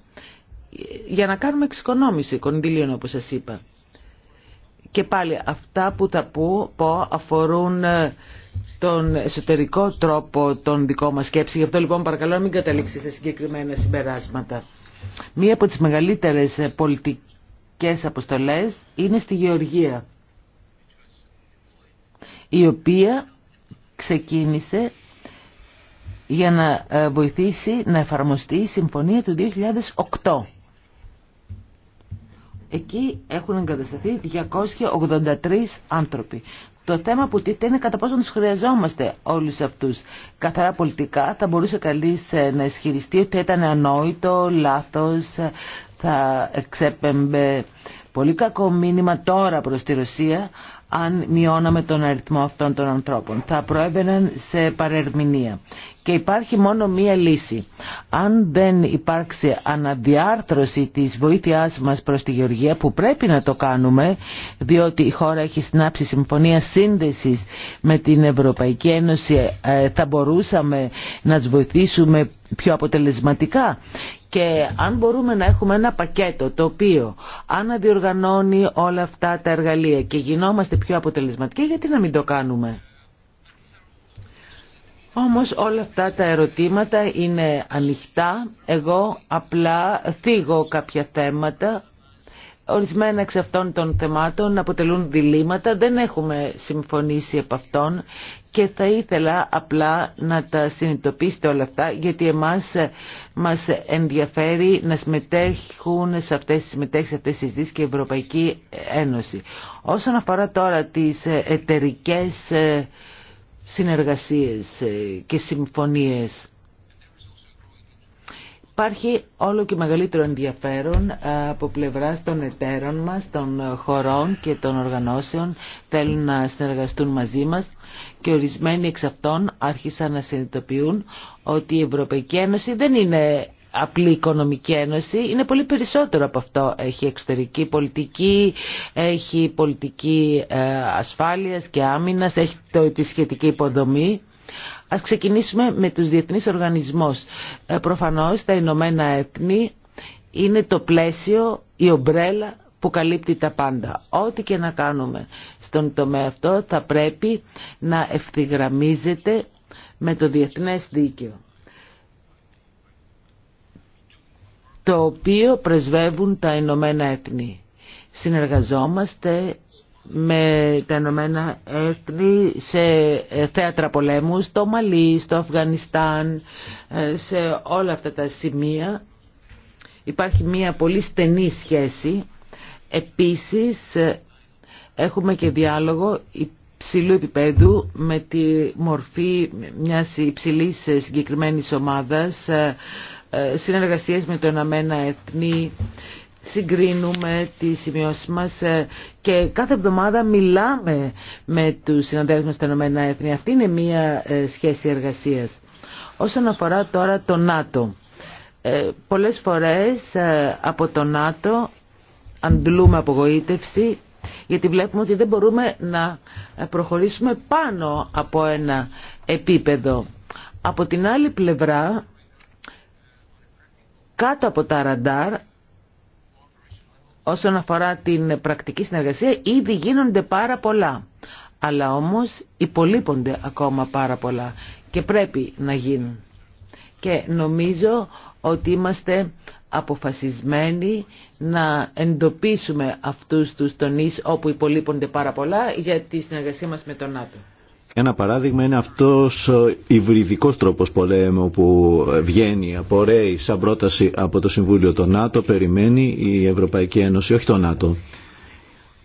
για να κάνουμε εξοικονόμηση κονδύλιων όπως σας είπα. Και πάλι αυτά που θα πω, πω αφορούν ε, τον εσωτερικό τρόπο των δικών μας σκέψη. Γι' αυτό λοιπόν παρακαλώ να μην καταλήξει σε συγκεκριμένα συμπεράσματα. Μία από τις μεγαλύτερες ε, πολιτικές αποστολές είναι στη Γεωργία η οποία ξεκίνησε για να ε, βοηθήσει να εφαρμοστεί η συμφωνία του 2008. Εκεί έχουν εγκατασταθεί 283 άνθρωποι. Το θέμα που τίθεται είναι κατά πόσο τους χρειαζόμαστε όλους αυτούς. Καθαρά πολιτικά θα μπορούσε καλής ε, να ισχυριστεί ότι ήταν ανόητο, λάθος, ε, θα εξέπεμπε πολύ κακό μήνυμα τώρα προς τη Ρωσία, αν μειώναμε τον αριθμό αυτών των ανθρώπων. Θα προέβαιναν σε παρερμηνία. Και υπάρχει μόνο μία λύση. Αν δεν υπάρξει αναδιάρθρωση της βοήθειάς μας προς τη Γεωργία που πρέπει να το κάνουμε διότι η χώρα έχει συνάψει συμφωνία σύνδεσης με την Ευρωπαϊκή Ένωση ε, θα μπορούσαμε να τους βοηθήσουμε πιο αποτελεσματικά και αν μπορούμε να έχουμε ένα πακέτο το οποίο αναδιοργανώνει όλα αυτά τα εργαλεία και γινόμαστε πιο αποτελεσματικοί, γιατί να μην το κάνουμε. Όμως όλα αυτά τα ερωτήματα είναι ανοιχτά. Εγώ απλά θίγω κάποια θέματα. Ορισμένα εξ αυτών των θεμάτων αποτελούν διλήμματα. Δεν έχουμε συμφωνήσει από αυτών και θα ήθελα απλά να τα συνειδητοποιήσετε όλα αυτά γιατί εμάς μας ενδιαφέρει να συμμετέχουν σε αυτές, συμμετέχει σε αυτές τις και η Ευρωπαϊκή Ένωση. Όσον αφορά τώρα τις εταιρικές συνεργασίες και συμφωνίες Υπάρχει όλο και μεγαλύτερο ενδιαφέρον ε, από πλευρά των εταίρων μας, των χωρών και των οργανώσεων θέλουν να συνεργαστούν μαζί μας και ορισμένοι εξ αυτών άρχισαν να συνειδητοποιούν ότι η Ευρωπαϊκή Ένωση δεν είναι απλή οικονομική ένωση, είναι πολύ περισσότερο από αυτό. Έχει εξωτερική πολιτική, έχει πολιτική ε, ασφάλειας και άμυνας, έχει τη σχετική υποδομή. Ας ξεκινήσουμε με τους διεθνείς οργανισμούς. Ε, προφανώς τα Ηνωμένα Έθνη είναι το πλαίσιο, η ομπρέλα που καλύπτει τα πάντα. Ό,τι και να κάνουμε στον τομέα αυτό θα πρέπει να ευθυγραμμίζεται με το διεθνές δίκαιο το οποίο πρεσβεύουν τα Ηνωμένα Έθνη. Συνεργαζόμαστε με τα Ηνωμένα Έθνη σε θέατρα πολέμου, στο Μαλί, στο Αφγανιστάν, ε, σε όλα αυτά τα σημεία. Υπάρχει μια πολύ στενή σχέση. Επίσης έχουμε και διάλογο υψηλού επίπεδου με τη μορφή μιας υψηλής συγκεκριμένης ομάδας ε, ε, συνεργασίες με το Ηνωμένα Έθνη συγκρίνουμε τι σημειώσει μα ε, και κάθε εβδομάδα μιλάμε με τους συναδέλφου μα στα Ηνωμένα Έθνη. Αυτή είναι μία ε, σχέση εργασίας. Όσον αφορά τώρα το ΝΑΤΟ, ε, πολλές φορές από το ΝΑΤΟ αντλούμε απογοήτευση γιατί βλέπουμε ότι δεν μπορούμε να προχωρήσουμε πάνω από ένα επίπεδο. Από την άλλη πλευρά, κάτω από τα ραντάρ Όσον αφορά την πρακτική συνεργασία, ήδη γίνονται πάρα πολλά. Αλλά όμως υπολείπονται ακόμα πάρα πολλά και πρέπει να γίνουν. Και νομίζω ότι είμαστε αποφασισμένοι να εντοπίσουμε αυτούς τους τονείς όπου υπολείπονται πάρα πολλά για τη συνεργασία μας με τον Άτομο. Ένα παράδειγμα είναι αυτός ο υβριδικός τρόπος πολέμου που βγαίνει, απορρέει σαν πρόταση από το Συμβούλιο. Το ΝΑΤΟ περιμένει η Ευρωπαϊκή Ένωση, όχι το ΝΑΤΟ.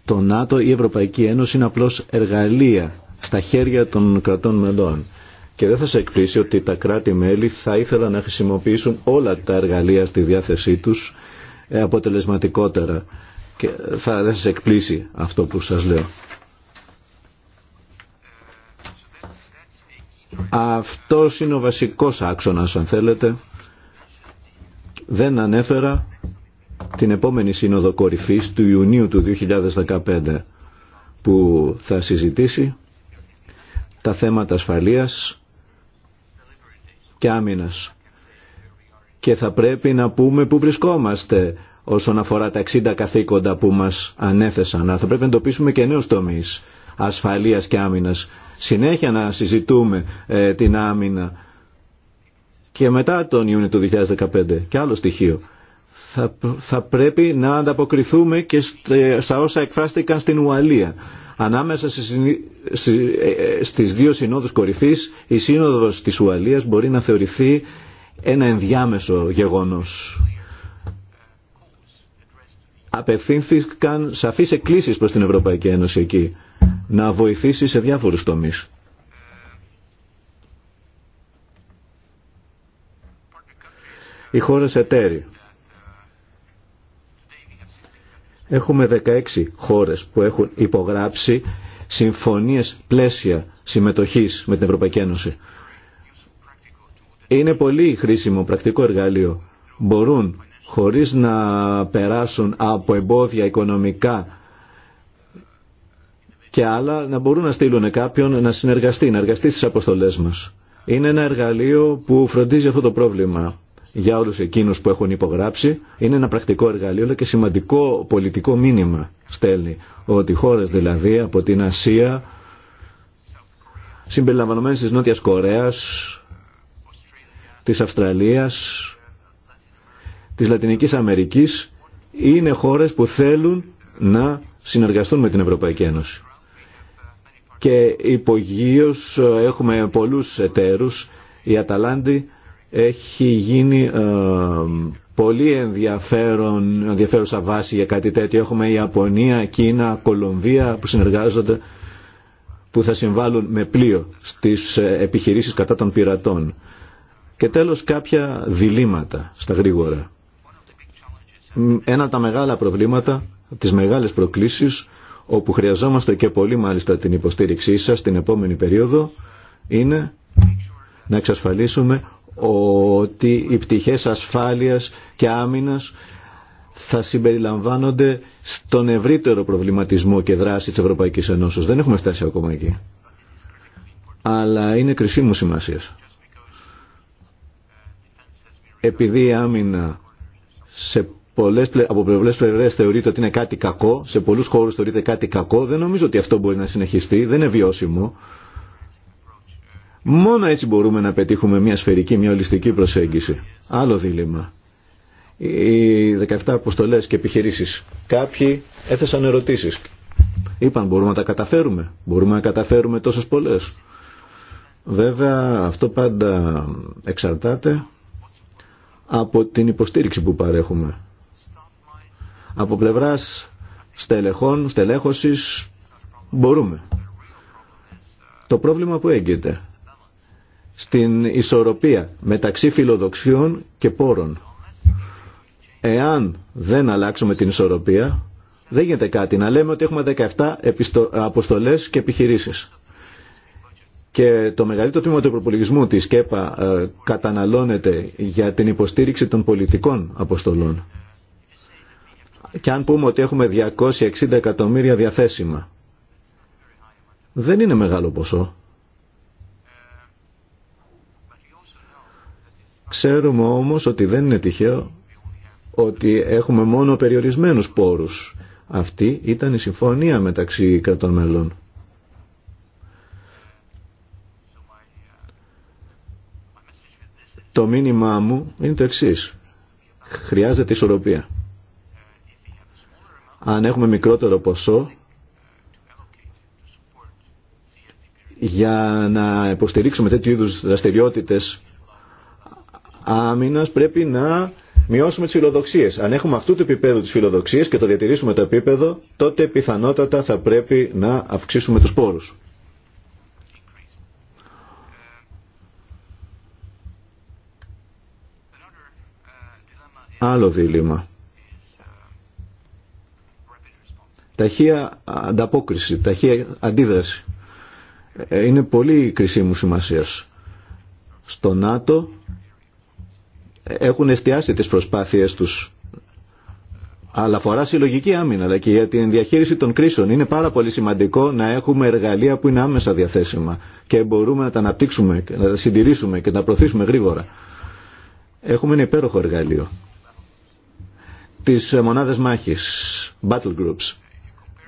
Το ΝΑΤΟ, η Ευρωπαϊκή Ένωση είναι απλώς εργαλεία στα χέρια των κρατών μελών. Και δεν θα σε εκπλήσει ότι τα κράτη-μέλη θα ήθελαν να χρησιμοποιήσουν όλα τα εργαλεία στη διάθεσή τους ε, αποτελεσματικότερα. Και θα σε εκπλήσει αυτό που σας λέω. Αυτός είναι ο βασικός άξονας αν θέλετε. Δεν ανέφερα την επόμενη σύνοδο κορυφής του Ιουνίου του 2015 που θα συζητήσει τα θέματα ασφαλείας και άμυνας. Και θα πρέπει να πούμε πού βρισκόμαστε όσον αφορά τα 60 καθήκοντα που μας ανέθεσαν. θα πρέπει να εντοπίσουμε και νέους τομείς ασφαλείας και άμυνας συνέχεια να συζητούμε ε, την άμυνα και μετά τον Ιούνιο του 2015. Και άλλο στοιχείο. Θα, θα πρέπει να ανταποκριθούμε και στα όσα εκφράστηκαν στην Ουαλία. Ανάμεσα ε, ε, στις δύο συνόδους κορυφής, η σύνοδος της Ουαλίας μπορεί να θεωρηθεί ένα ενδιάμεσο γεγονός. Απευθύνθηκαν σαφείς εκκλήσεις προς την Ευρωπαϊκή Ένωση εκεί να βοηθήσει σε διάφορους τομείς. Οι χώρες εταίροι. Έχουμε 16 χώρες που έχουν υπογράψει συμφωνίες πλαίσια συμμετοχής με την Ευρωπαϊκή Ένωση. Είναι πολύ χρήσιμο πρακτικό εργαλείο. Μπορούν χωρίς να περάσουν από εμπόδια οικονομικά και άλλα να μπορούν να στείλουν κάποιον να συνεργαστεί, να εργαστεί στις αποστολές μας. Είναι ένα εργαλείο που φροντίζει αυτό το πρόβλημα για όλους εκείνους που έχουν υπογράψει. Είναι ένα πρακτικό εργαλείο αλλά και σημαντικό πολιτικό μήνυμα στέλνει ότι χώρες δηλαδή από την Ασία συμπεριλαμβανομένες της Νότια Κορέας, της Αυστραλίας, της Λατινικής Αμερικής είναι χώρες που θέλουν να συνεργαστούν με την Ευρωπαϊκή Ένωση και υπογείως ε, έχουμε πολλούς εταίρους. Η Αταλάντη έχει γίνει ε, πολύ ενδιαφέρον, ενδιαφέρουσα βάση για κάτι τέτοιο. Έχουμε η Ιαπωνία, Κίνα, Κολομβία που συνεργάζονται που θα συμβάλλουν με πλοίο στις ε, επιχειρήσεις κατά των πειρατών. Και τέλος κάποια διλήμματα στα γρήγορα. Ένα από τα μεγάλα προβλήματα, τις μεγάλες προκλήσεις όπου χρειαζόμαστε και πολύ μάλιστα την υποστήριξή σας την επόμενη περίοδο είναι να εξασφαλίσουμε ότι οι πτυχές ασφάλειας και άμυνας θα συμπεριλαμβάνονται στον ευρύτερο προβληματισμό και δράση της Ευρωπαϊκής Ενώσης. Δεν έχουμε φτάσει ακόμα εκεί. Αλλά είναι κρισίμου σημασία. Επειδή η άμυνα σε πολλές, από πολλές πλευρέ θεωρείται ότι είναι κάτι κακό, σε πολλού χώρου θεωρείται κάτι κακό. Δεν νομίζω ότι αυτό μπορεί να συνεχιστεί, δεν είναι βιώσιμο. Μόνο έτσι μπορούμε να πετύχουμε μια σφαιρική, μια ολιστική προσέγγιση. Άλλο δίλημα. Οι 17 αποστολέ και επιχειρήσει. Κάποιοι έθεσαν ερωτήσει. Είπαν μπορούμε να τα καταφέρουμε. Μπορούμε να καταφέρουμε τόσε πολλέ. Βέβαια αυτό πάντα εξαρτάται από την υποστήριξη που παρέχουμε. Από πλευράς στελεχών, στελέχωσης μπορούμε. Το πρόβλημα που έγκυται στην ισορροπία μεταξύ φιλοδοξιών και πόρων. Εάν δεν αλλάξουμε την ισορροπία, δεν γίνεται κάτι. Να λέμε ότι έχουμε 17 αποστολές και επιχειρήσεις. Και το μεγαλύτερο τμήμα του προπολογισμού της ΚΕΠΑ ε, καταναλώνεται για την υποστήριξη των πολιτικών αποστολών και αν πούμε ότι έχουμε 260 εκατομμύρια διαθέσιμα. Δεν είναι μεγάλο ποσό. Ξέρουμε όμως ότι δεν είναι τυχαίο ότι έχουμε μόνο περιορισμένους πόρους. Αυτή ήταν η συμφωνία μεταξύ κρατών μελών. Το μήνυμά μου είναι το εξής. Χρειάζεται ισορροπία αν έχουμε μικρότερο ποσό για να υποστηρίξουμε τέτοιου είδους δραστηριότητες άμυνας πρέπει να μειώσουμε τις φιλοδοξίες. Αν έχουμε αυτού του επίπεδου τις φιλοδοξίες και το διατηρήσουμε το επίπεδο, τότε πιθανότατα θα πρέπει να αυξήσουμε τους πόρους. Άλλο δίλημα. ταχεία ανταπόκριση, ταχεία αντίδραση. Ε, είναι πολύ κρισίμου σημασία. Στο ΝΑΤΟ ε, έχουν εστιάσει τις προσπάθειες τους αλλά αφορά συλλογική άμυνα, αλλά και για την διαχείριση των κρίσεων. Είναι πάρα πολύ σημαντικό να έχουμε εργαλεία που είναι άμεσα διαθέσιμα και μπορούμε να τα αναπτύξουμε, να τα συντηρήσουμε και να τα προωθήσουμε γρήγορα. Έχουμε ένα υπέροχο εργαλείο. Τις ε, μονάδες μάχης, battle groups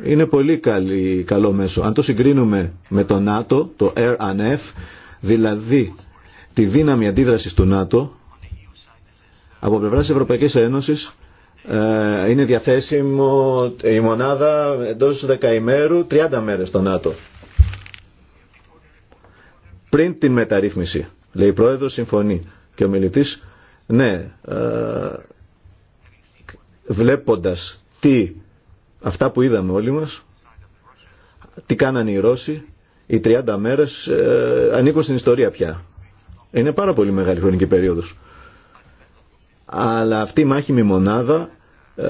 είναι πολύ καλή, καλό μέσο. Αν το συγκρίνουμε με το ΝΑΤΟ, το RNF, δηλαδή τη δύναμη αντίδρασης του ΝΑΤΟ, από πλευρά της Ευρωπαϊκής Ένωσης ε, είναι διαθέσιμο η μονάδα εντός δεκαημέρου 30 μέρες στο ΝΑΤΟ. Πριν την μεταρρύθμιση, λέει η Πρόεδρος, συμφωνεί και ο μιλητής, ναι, ε, βλέποντας τι αυτά που είδαμε όλοι μας, τι κάνανε οι Ρώσοι, οι 30 μέρες ε, ανήκουν στην ιστορία πια. Είναι πάρα πολύ μεγάλη χρονική περίοδος. Αλλά αυτή η μάχημη μονάδα ε,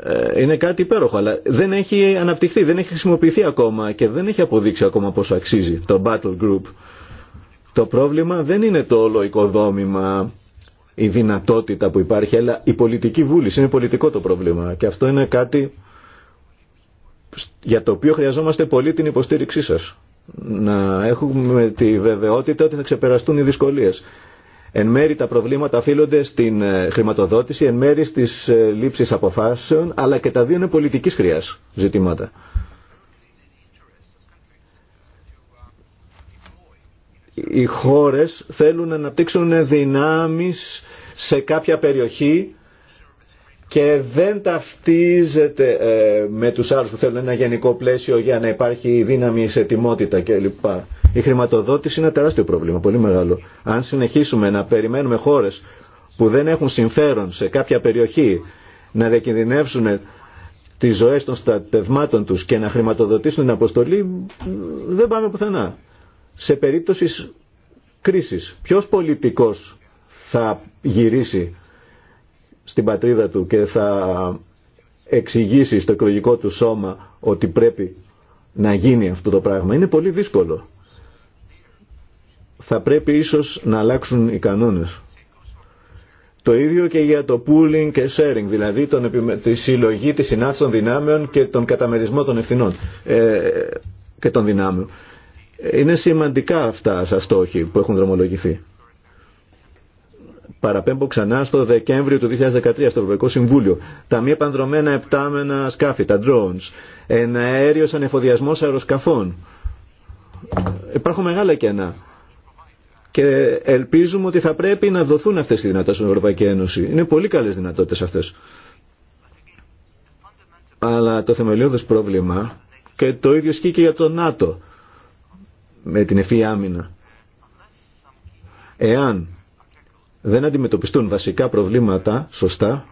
ε, είναι κάτι υπέροχο, αλλά δεν έχει αναπτυχθεί, δεν έχει χρησιμοποιηθεί ακόμα και δεν έχει αποδείξει ακόμα πόσο αξίζει το Battle Group. Το πρόβλημα δεν είναι το όλο οικοδόμημα η δυνατότητα που υπάρχει, αλλά η πολιτική βούληση είναι πολιτικό το πρόβλημα και αυτό είναι κάτι για το οποίο χρειαζόμαστε πολύ την υποστήριξή σας. Να έχουμε τη βεβαιότητα ότι θα ξεπεραστούν οι δυσκολίες. Εν μέρη τα προβλήματα αφήνονται στην ε, χρηματοδότηση, εν μέρη στις ε, λήψεις αποφάσεων, αλλά και τα δύο είναι πολιτικής χρειάς ζητήματα. οι χώρες θέλουν να αναπτύξουν δυνάμεις σε κάποια περιοχή και δεν ταυτίζεται ε, με τους άλλους που θέλουν ένα γενικό πλαίσιο για να υπάρχει δύναμη σε τιμότητα κλπ. Η χρηματοδότηση είναι ένα τεράστιο πρόβλημα, πολύ μεγάλο. Αν συνεχίσουμε να περιμένουμε χώρες που δεν έχουν συμφέρον σε κάποια περιοχή να διακινδυνεύσουν τις ζωές των στρατευμάτων τους και να χρηματοδοτήσουν την αποστολή, δεν πάμε πουθενά σε περίπτωση κρίσης. Ποιος πολιτικός θα γυρίσει στην πατρίδα του και θα εξηγήσει στο εκλογικό του σώμα ότι πρέπει να γίνει αυτό το πράγμα. Είναι πολύ δύσκολο. Θα πρέπει ίσως να αλλάξουν οι κανόνες. Το ίδιο και για το pooling και sharing, δηλαδή τον, τη συλλογή της συνάρτησης των δυνάμεων και τον καταμερισμό των ευθυνών ε, και των δυνάμεων. Είναι σημαντικά αυτά σαν στόχοι που έχουν δρομολογηθεί. Παραπέμπω ξανά στο Δεκέμβριο του 2013 στο Ευρωπαϊκό Συμβούλιο. Τα μη επανδρομένα επτάμενα σκάφη, τα drones. Ένα αέριο ανεφοδιασμός αεροσκαφών. Υπάρχουν μεγάλα κενά. Και ελπίζουμε ότι θα πρέπει να δοθούν αυτές οι δυνατότητες στην Ευρωπαϊκή Ένωση. Είναι πολύ καλές δυνατότητες αυτές. Αλλά το θεμελιώδες πρόβλημα και το ίδιο ισχύει για το ΝΑΤΟ με την ευφύ άμυνα. Εάν δεν αντιμετωπιστούν βασικά προβλήματα σωστά,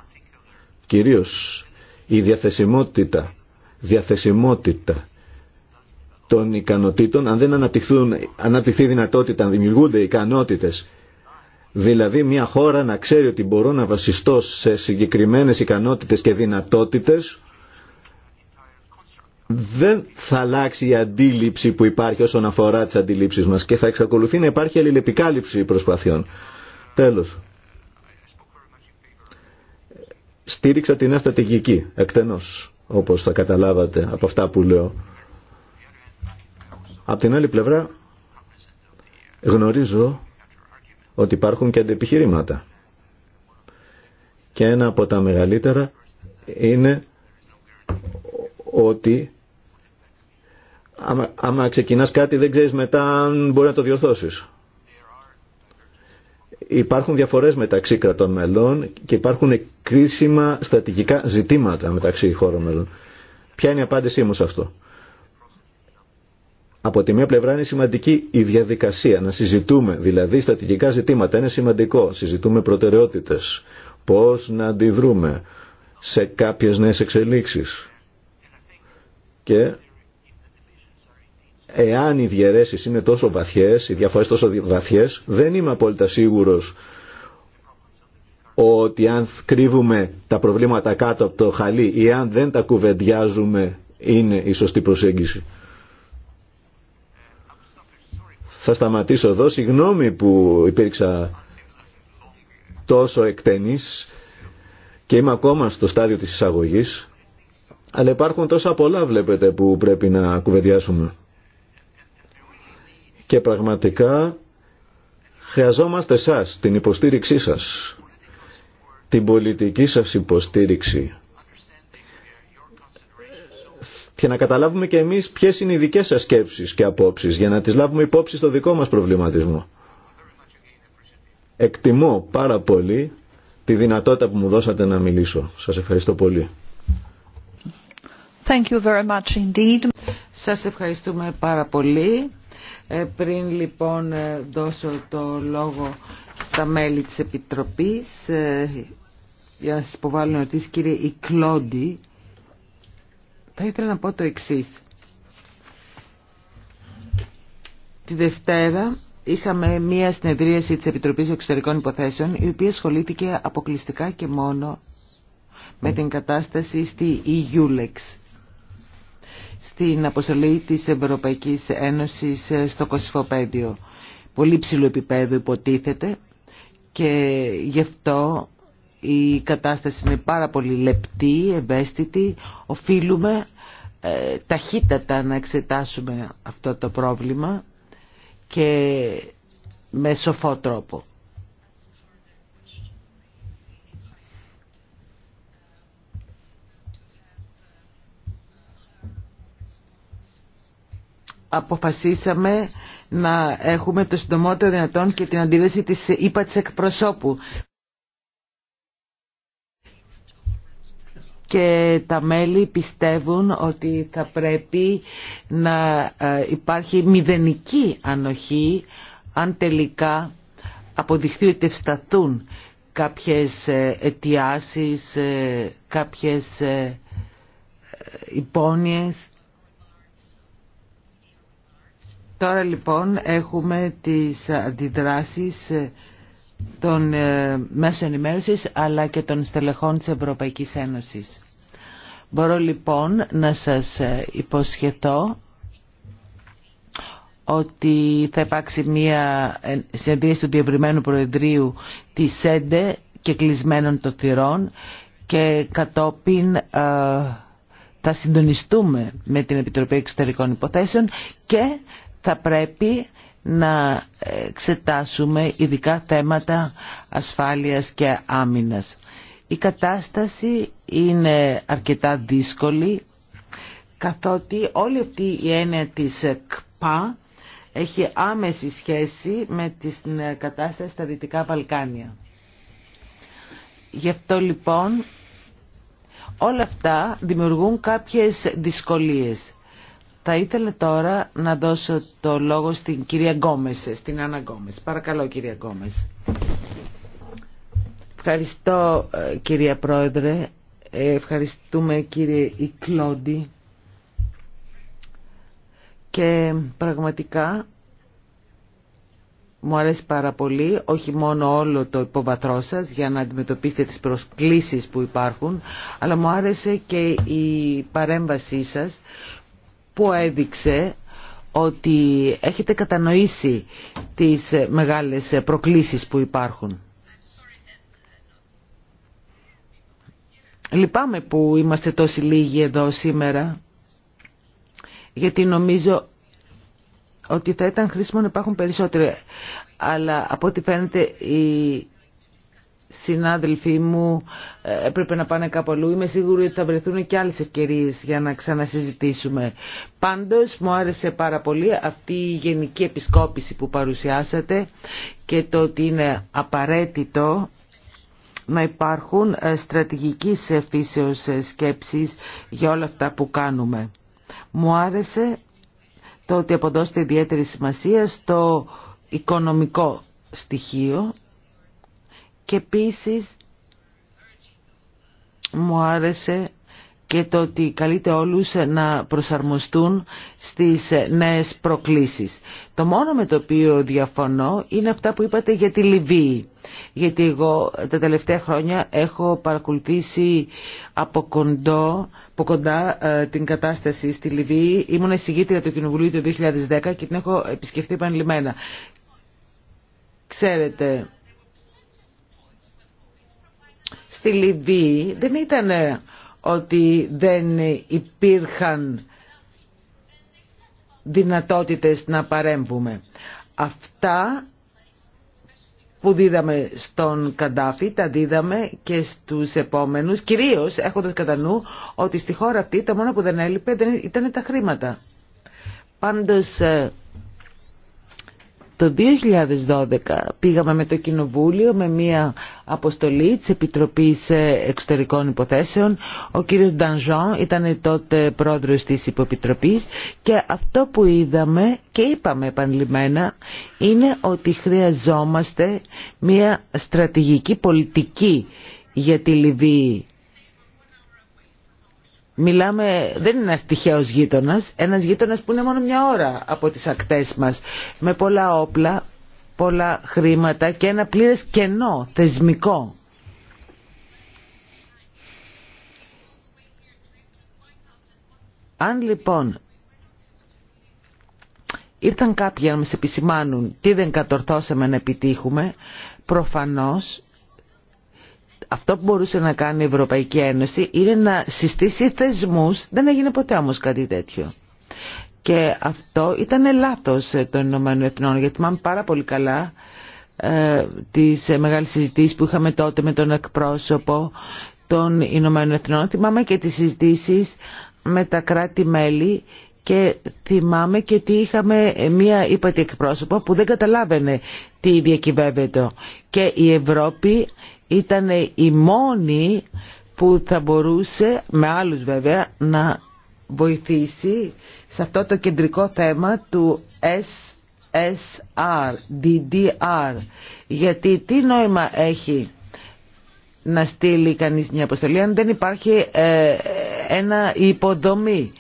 κυρίως η διαθεσιμότητα, διαθεσιμότητα των ικανοτήτων, αν δεν αναπτυχθούν, αναπτυχθεί δυνατότητα, αν δημιουργούνται ικανότητες, δηλαδή μια χώρα να ξέρει ότι μπορώ να βασιστώ σε συγκεκριμένες ικανότητες και δυνατότητες, δεν θα αλλάξει η αντίληψη που υπάρχει όσον αφορά τις αντιλήψεις μας και θα εξακολουθεί να υπάρχει αλληλεπικάλυψη προσπαθειών. Τέλος. Στήριξα την νέα στρατηγική, εκτενώς, όπως θα καταλάβατε από αυτά που λέω. Απ' την άλλη πλευρά, γνωρίζω ότι υπάρχουν και αντεπιχειρήματα. Και ένα από τα μεγαλύτερα είναι ότι άμα, άμα ξεκινάς κάτι δεν ξέρεις μετά αν μπορεί να το διορθώσεις. Υπάρχουν διαφορές μεταξύ κρατών μελών και υπάρχουν κρίσιμα στατικικά ζητήματα μεταξύ χώρων μελών. Ποια είναι η απάντησή μου σε αυτό. Από τη μία πλευρά είναι σημαντική η διαδικασία, να συζητούμε δηλαδή στατικικά ζητήματα. Είναι σημαντικό, συζητούμε προτεραιότητες, πώς να αντιδρούμε σε κάποιες νέες εξελίξεις. Και Εάν οι διαιρέσεις είναι τόσο βαθιές, οι τόσο βαθιές, δεν είμαι απόλυτα σίγουρος ότι αν κρύβουμε τα προβλήματα κάτω από το χαλί ή αν δεν τα κουβεντιάζουμε είναι η σωστή προσέγγιση. Θα σταματήσω εδώ. Συγγνώμη που υπήρξα τόσο εκτενής και είμαι ακόμα στο στάδιο της εισαγωγής αλλά υπάρχουν τόσα πολλά βλέπετε που πρέπει να κουβεντιάσουμε και πραγματικά χρειαζόμαστε σας, την υποστήριξή σας, την πολιτική σας υποστήριξη και να καταλάβουμε και εμείς ποιες είναι οι δικές σας σκέψεις και απόψεις για να τις λάβουμε υπόψη στο δικό μας προβληματισμό. Εκτιμώ πάρα πολύ τη δυνατότητα που μου δώσατε να μιλήσω. Σας ευχαριστώ πολύ. Thank you very Σας ευχαριστούμε πάρα πολύ. Ε, πριν λοιπόν ε, δώσω το λόγο στα μέλη της Επιτροπής, ε, για να σας υποβάλω ερωτήσεις κύριε Ικλόντι, θα ήθελα να πω το εξής. Τη Δευτέρα είχαμε μία συνεδρίαση της Επιτροπής Εξωτερικών Υποθέσεων η οποία ασχολήθηκε αποκλειστικά και μόνο με την κατάσταση στη EULEX στην αποστολή της Ευρωπαϊκής Ένωσης ε, στο Κωσυφοπέδιο. Πολύ ψηλό επίπεδο υποτίθεται και γι' αυτό η κατάσταση είναι πάρα πολύ λεπτή, ευαίσθητη. Οφείλουμε ε, ταχύτατα να εξετάσουμε αυτό το πρόβλημα και με σοφό τρόπο. αποφασίσαμε να έχουμε το συντομότερο δυνατόν και την αντίληψη της ύπατης εκπροσώπου. και τα μέλη πιστεύουν ότι θα πρέπει να ε, υπάρχει μηδενική ανοχή αν τελικά αποδειχθεί ότι ευσταθούν κάποιες ε, αιτιάσεις, ε, κάποιες υπόνοιες Τώρα λοιπόν έχουμε τις αντιδράσεις ε, των ε, μέσων ενημέρωση, αλλά και των στελεχών της Ευρωπαϊκής Ένωσης. Μπορώ λοιπόν να σας ε, υποσχεθώ ότι θα υπάρξει μία συνεδρίαση του Διευρυμένου Προεδρίου της ΣΕΝΤΕ και κλεισμένων των θυρών και κατόπιν θα συντονιστούμε με την Επιτροπή Εξωτερικών Υποθέσεων και θα πρέπει να εξετάσουμε ειδικά θέματα ασφάλειας και άμυνας. Η κατάσταση είναι αρκετά δύσκολη καθότι όλη αυτή η έννοια της ΚΠΑ έχει άμεση σχέση με την κατάσταση στα Δυτικά Βαλκάνια. Γι' αυτό λοιπόν όλα αυτά δημιουργούν κάποιες δυσκολίες. Θα ήθελα τώρα να δώσω το λόγο στην κυρία Γκόμεσε, στην Άννα Γκόμεσε. Παρακαλώ κυρία Γκόμεσε. Ευχαριστώ ε, κυρία Πρόεδρε. Ε, ευχαριστούμε κύριε Ικλόντι. Και πραγματικά μου αρέσει πάρα πολύ, όχι μόνο όλο το υποβαθρό σας για να αντιμετωπίσετε τις προσκλήσεις που υπάρχουν, αλλά μου άρεσε και η παρέμβασή σας που έδειξε ότι έχετε κατανοήσει τις μεγάλες προκλήσεις που υπάρχουν. Λυπάμαι που είμαστε τόσοι λίγοι εδώ σήμερα, γιατί νομίζω ότι θα ήταν χρήσιμο να υπάρχουν περισσότεροι. Αλλά από ό,τι φαίνεται η συνάδελφοί μου ε, έπρεπε να πάνε κάπου αλλού. Είμαι σίγουρη ότι θα βρεθούν και άλλες ευκαιρίες για να ξανασυζητήσουμε. Πάντως μου άρεσε πάρα πολύ αυτή η γενική επισκόπηση που παρουσιάσατε και το ότι είναι απαραίτητο να υπάρχουν ε, στρατηγικής φύσεως ε, σκέψεις για όλα αυτά που κάνουμε. Μου άρεσε το ότι αποδώσετε ιδιαίτερη σημασία στο οικονομικό στοιχείο και επίση μου άρεσε και το ότι καλείται όλους να προσαρμοστούν στις νέες προκλήσεις. Το μόνο με το οποίο διαφωνώ είναι αυτά που είπατε για τη Λιβύη. Γιατί εγώ τα τελευταία χρόνια έχω παρακολουθήσει από, κοντά ε, την κατάσταση στη Λιβύη. Ήμουν εισηγήτρια του Κοινοβουλίου το 2010 και την έχω επισκεφτεί επανειλημμένα. Ξέρετε στη Λιβύη δεν ήταν ε, ότι δεν υπήρχαν δυνατότητες να παρέμβουμε. Αυτά που δίδαμε στον Καντάφη τα δίδαμε και στους επόμενους, κυρίως έχοντας κατά νου ότι στη χώρα αυτή το μόνο που δεν έλειπε ήταν τα χρήματα. Πάντως ε, το 2012 πήγαμε με το Κοινοβούλιο με μια αποστολή της Επιτροπής ε, Εξωτερικών Υποθέσεων. Ο κύριος Ντανζόν ήταν τότε πρόεδρος της Υποπιτροπής και αυτό που είδαμε και είπαμε επανειλημμένα είναι ότι χρειαζόμαστε μια στρατηγική πολιτική για τη Λιβύη Μιλάμε, δεν είναι ένας τυχαίος γείτονας, ένας γείτονας που είναι μόνο μια ώρα από τις ακτές μας, με πολλά όπλα, πολλά χρήματα και ένα πλήρες κενό θεσμικό. Αν λοιπόν ήρθαν κάποιοι να μας επισημάνουν τι δεν κατορθώσαμε να επιτύχουμε, προφανώς αυτό που μπορούσε να κάνει η Ευρωπαϊκή Ένωση είναι να συστήσει θεσμούς, δεν έγινε ποτέ όμως κάτι τέτοιο. Και αυτό ήταν λάθος των Ηνωμένων Εθνών, γιατί θυμάμαι πάρα πολύ καλά ε, τις μεγάλες συζητήσεις που είχαμε τότε με τον εκπρόσωπο των Ηνωμένων Εθνών. Θυμάμαι και τις συζητήσεις με τα κράτη-μέλη και θυμάμαι και ότι είχαμε μία ύπατη εκπρόσωπο που δεν καταλάβαινε τι διακυβεύεται. Και η Ευρώπη Ήτανε η μόνη που θα μπορούσε, με άλλους βέβαια, να βοηθήσει σε αυτό το κεντρικό θέμα του SSR, DDR. Γιατί τι νόημα έχει να στείλει κανείς μια αποστολή αν δεν υπάρχει ε, ένα υποδομή.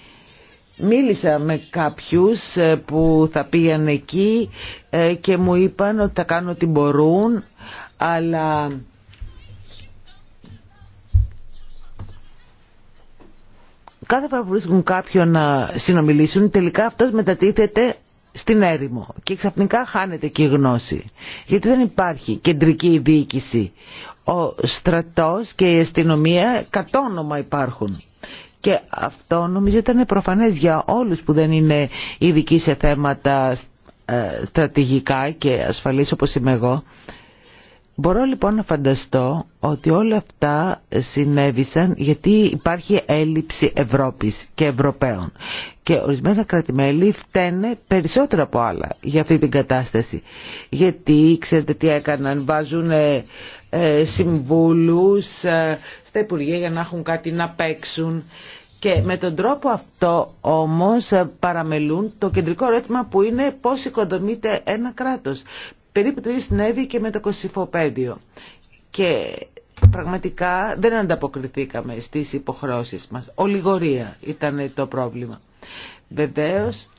Μίλησα με κάποιους ε, που θα πήγαν εκεί ε, και μου είπαν ότι θα κάνουν ό,τι μπορούν αλλά Κάθε φορά που βρίσκουν κάποιον να συνομιλήσουν, τελικά αυτός μετατίθεται στην έρημο και ξαφνικά χάνεται και η γνώση. Γιατί δεν υπάρχει κεντρική διοίκηση. Ο στρατός και η αστυνομία κατόνομα υπάρχουν. Και αυτό νομίζω ήταν προφανές για όλους που δεν είναι ειδικοί σε θέματα ε, στρατηγικά και ασφαλείς όπως είμαι εγώ. Μπορώ λοιπόν να φανταστώ ότι όλα αυτά συνέβησαν γιατί υπάρχει έλλειψη Ευρώπης και Ευρωπαίων και ορισμένα κρατημέλη φταίνε περισσότερο από άλλα για αυτή την κατάσταση. Γιατί ξέρετε τι έκαναν, βάζουν ε, ε συμβούλους ε, στα Υπουργεία για να έχουν κάτι να παίξουν και με τον τρόπο αυτό όμως παραμελούν το κεντρικό ερώτημα που είναι πώς οικοδομείται ένα κράτος περίπου το ίδιο συνέβη και με το κοσυφοπέδιο. Και πραγματικά δεν ανταποκριθήκαμε στις υποχρώσεις μας. Ολιγορία ήταν το πρόβλημα. Βεβαίως,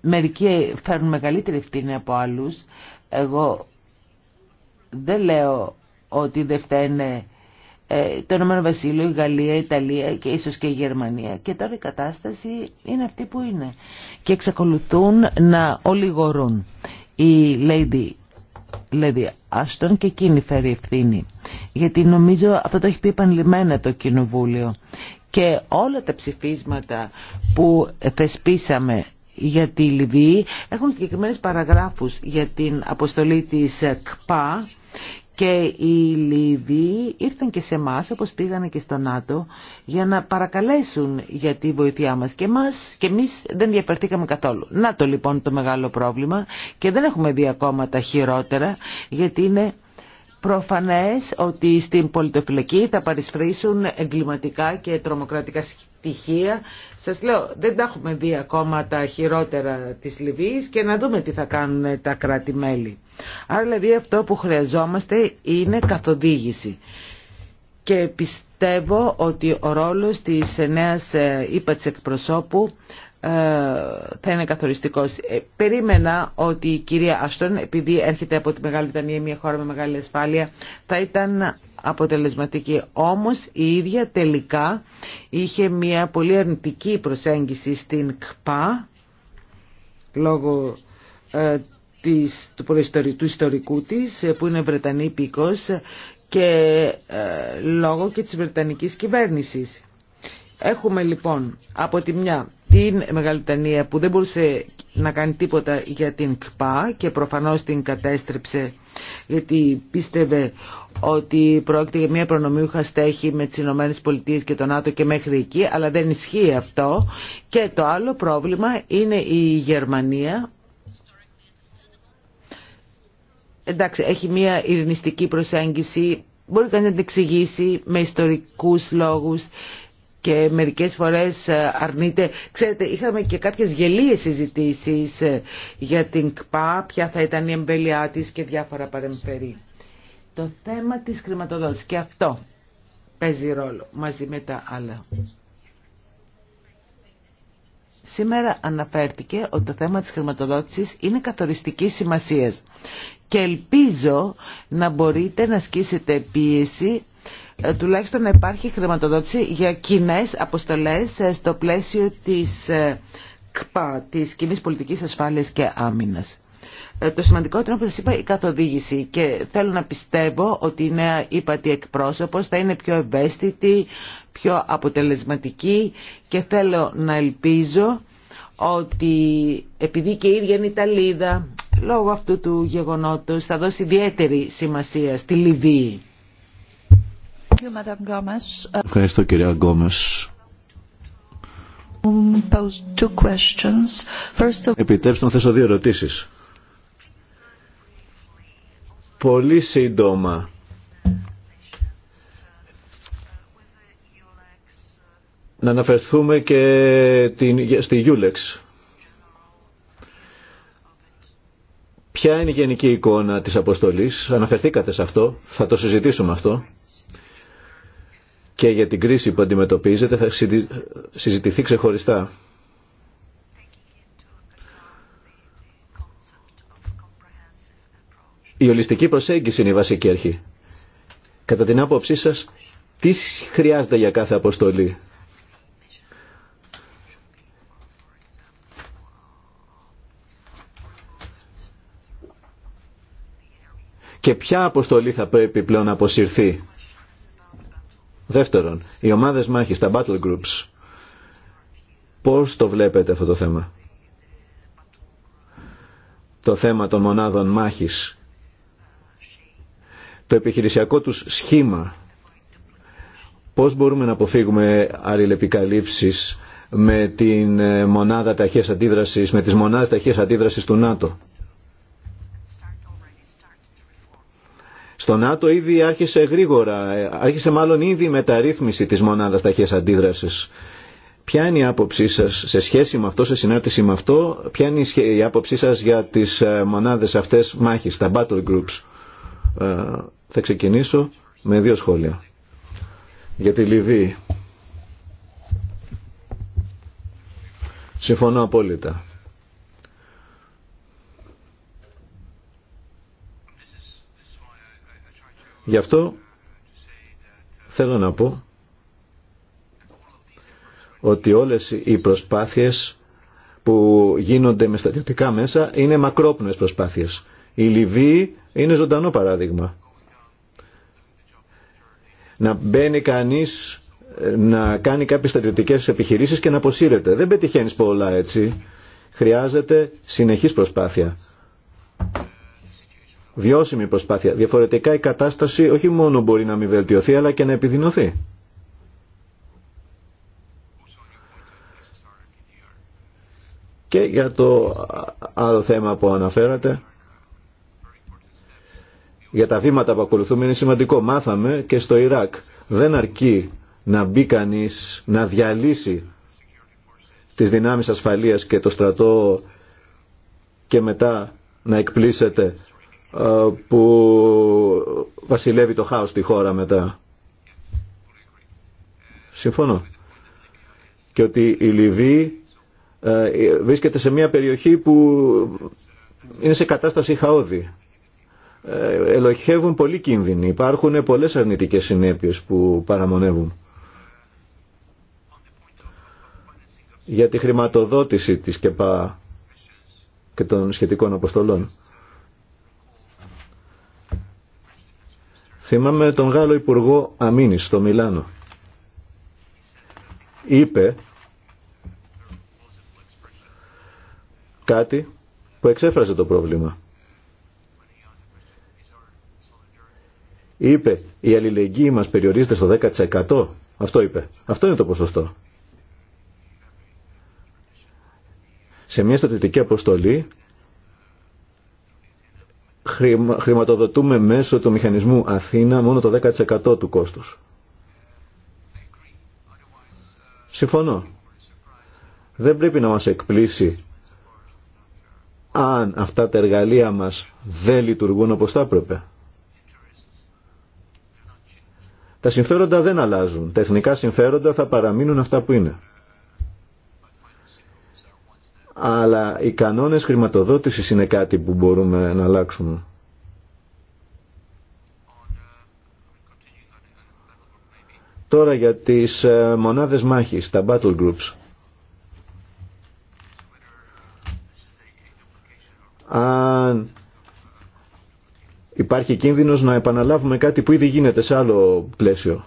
μερικοί φέρνουν μεγαλύτερη ευθύνη από άλλους. Εγώ δεν λέω ότι δεν φταίνε ε, το Ηνωμένο Βασίλειο, η Γαλλία, η Ιταλία και ίσως και η Γερμανία. Και τώρα η κατάσταση είναι αυτή που είναι. Και εξακολουθούν να ολιγορούν η Lady, Lady και εκείνη φέρει ευθύνη. Γιατί νομίζω αυτό το έχει πει επανειλημμένα το Κοινοβούλιο. Και όλα τα ψηφίσματα που θεσπίσαμε για τη Λιβύη έχουν συγκεκριμένες παραγράφους για την αποστολή της ΚΠΑ και οι Λίβοι ήρθαν και σε εμά, όπως πήγανε και στο ΝΑΤΟ, για να παρακαλέσουν για τη βοήθειά μας. Και, μας, και εμείς δεν διαπερθήκαμε καθόλου. Να το λοιπόν το μεγάλο πρόβλημα και δεν έχουμε δει ακόμα τα χειρότερα, γιατί είναι Προφανές ότι στην πολιτοφυλακή θα παρισφρήσουν εγκληματικά και τρομοκρατικά στοιχεία. Σας λέω, δεν τα έχουμε δει ακόμα τα χειρότερα της Λιβύης και να δούμε τι θα κάνουν τα κράτη-μέλη. Άρα δηλαδή αυτό που χρειαζόμαστε είναι καθοδήγηση. Και πιστεύω ότι ο ρόλος της νέας ύπατης ε, εκπροσώπου ε, θα είναι καθοριστικός. Ε, περίμενα ότι η κυρία Άστον, επειδή έρχεται από τη Μεγάλη Βρετανία, μια χώρα με μεγάλη ασφάλεια, θα ήταν αποτελεσματική. Όμως η ίδια τελικά είχε μια πολύ αρνητική προσέγγιση στην ΚΠΑ, λόγω ε, της, του, του ιστορικού της, που είναι Βρετανή πίκος, και λόγω και της Βρετανικής κυβέρνησης. Έχουμε λοιπόν από τη μια την Μεγαλουτανία που δεν μπορούσε να κάνει τίποτα για την ΚΠΑ και προφανώς την κατέστρεψε γιατί πίστευε ότι πρόκειται για μια προνομιούχα στέχη με τις Ηνωμένες Πολιτείες και τον ΝΑΤΟ και μέχρι εκεί, αλλά δεν ισχύει αυτό. Και το άλλο πρόβλημα είναι η Γερμανία εντάξει, έχει μια ειρηνιστική προσέγγιση, μπορεί κανείς να την εξηγήσει με ιστορικούς λόγους και μερικές φορές ε, αρνείται. Ξέρετε, είχαμε και κάποιες γελίες συζητήσει ε, για την ΚΠΑ, ποια θα ήταν η εμβέλειά της και διάφορα παρεμφερή. Το θέμα της χρηματοδότησης και αυτό παίζει ρόλο μαζί με τα άλλα. Σήμερα αναφέρθηκε ότι το θέμα της χρηματοδότησης είναι καθοριστική σημασίας και ελπίζω να μπορείτε να ασκήσετε πίεση τουλάχιστον να υπάρχει χρηματοδότηση για κοινέ αποστολές ε, στο πλαίσιο της ε, ΚΠΑ, της Κοινή Πολιτικής Ασφάλειας και Άμυνας. Ε, το σημαντικότερο, όπως σας είπα, η καθοδήγηση και θέλω να πιστεύω ότι η νέα ύπατη εκπρόσωπος θα είναι πιο ευαίσθητη, πιο αποτελεσματική και θέλω να ελπίζω ότι επειδή και η ίδια είναι Ιταλίδα, λόγω αυτού του γεγονότος θα δώσει ιδιαίτερη σημασία στη Λιβύη. Ευχαριστώ κυρία Γκόμες. Um, Επιτρέψτε να θέσω δύο ερωτήσεις. Πολύ σύντομα. Να αναφερθούμε και την, στη Γιούλεξ. Ποια είναι η γενική εικόνα της αποστολής, αναφερθήκατε σε αυτό, θα το συζητήσουμε αυτό και για την κρίση που αντιμετωπίζετε θα συζητηθεί ξεχωριστά. Η ολιστική προσέγγιση είναι η βασική αρχή. Κατά την άποψή σας, τι χρειάζεται για κάθε αποστολή. Και ποια αποστολή θα πρέπει πλέον να αποσυρθεί Δεύτερον, οι ομάδες μάχης, τα battle groups. Πώς το βλέπετε αυτό το θέμα. Το θέμα των μονάδων μάχης. Το επιχειρησιακό τους σχήμα. Πώς μπορούμε να αποφύγουμε αλληλεπικαλύψεις με την ε, μονάδα ταχείας αντίδρασης, με τις μονάδες ταχείας αντίδρασης του ΝΑΤΟ. Στο ΝΑΤΟ ήδη άρχισε γρήγορα, ε, άρχισε μάλλον ήδη η μεταρρύθμιση της μονάδας ταχείας αντίδρασης. Ποια είναι η άποψή σας σε σχέση με αυτό, σε συνάρτηση με αυτό, ποια είναι η άποψή σας για τις ε, μονάδες αυτές μάχης, τα battle groups. Ε, θα ξεκινήσω με δύο σχόλια. Για τη Λιβύη. Συμφωνώ απόλυτα. Γι' αυτό θέλω να πω ότι όλες οι προσπάθειες που γίνονται με στατιωτικά μέσα είναι μακρόπνοες προσπάθειες. Η Λιβύη είναι ζωντανό παράδειγμα. Να μπαίνει κανείς να κάνει κάποιες στατιωτικές επιχειρήσεις και να αποσύρεται. Δεν πετυχαίνεις πολλά έτσι. Χρειάζεται συνεχής προσπάθεια βιώσιμη προσπάθεια. Διαφορετικά η κατάσταση όχι μόνο μπορεί να μην βελτιωθεί αλλά και να επιδεινωθεί. Και για το άλλο θέμα που αναφέρατε, για τα βήματα που ακολουθούμε είναι σημαντικό. Μάθαμε και στο Ιράκ. Δεν αρκεί να μπει κανεί να διαλύσει τις δυνάμεις ασφαλείας και το στρατό και μετά να εκπλήσετε. Ε, που βασιλεύει το χάος στη χώρα μετά. Συμφωνώ. Και ότι η Λιβύη ε, βρίσκεται σε μια περιοχή που είναι σε κατάσταση χαόδη. Ε, ελοχεύουν πολλοί κίνδυνοι. Υπάρχουν πολλές αρνητικές συνέπειες που παραμονεύουν. Για τη χρηματοδότηση της ΚΕΠΑ και των σχετικών αποστολών. Θυμάμαι τον Γάλλο Υπουργό Αμίνη στο Μιλάνο. Είπε κάτι που εξέφραζε το πρόβλημα. Είπε η αλληλεγγύη μας περιορίζεται στο 10%. Αυτό είπε. Αυτό είναι το ποσοστό. Σε μια στατιστική αποστολή χρηματοδοτούμε μέσω του μηχανισμού Αθήνα μόνο το 10% του κόστους. Συμφωνώ. Δεν πρέπει να μας εκπλήσει αν αυτά τα εργαλεία μας δεν λειτουργούν όπως θα έπρεπε. Τα συμφέροντα δεν αλλάζουν. Τα εθνικά συμφέροντα θα παραμείνουν αυτά που είναι αλλά οι κανόνες χρηματοδότησης είναι κάτι που μπορούμε να αλλάξουμε. Τώρα για τις ε, μονάδες μάχης, τα battle groups. Αν υπάρχει κίνδυνος να επαναλάβουμε κάτι που ήδη γίνεται σε άλλο πλαίσιο.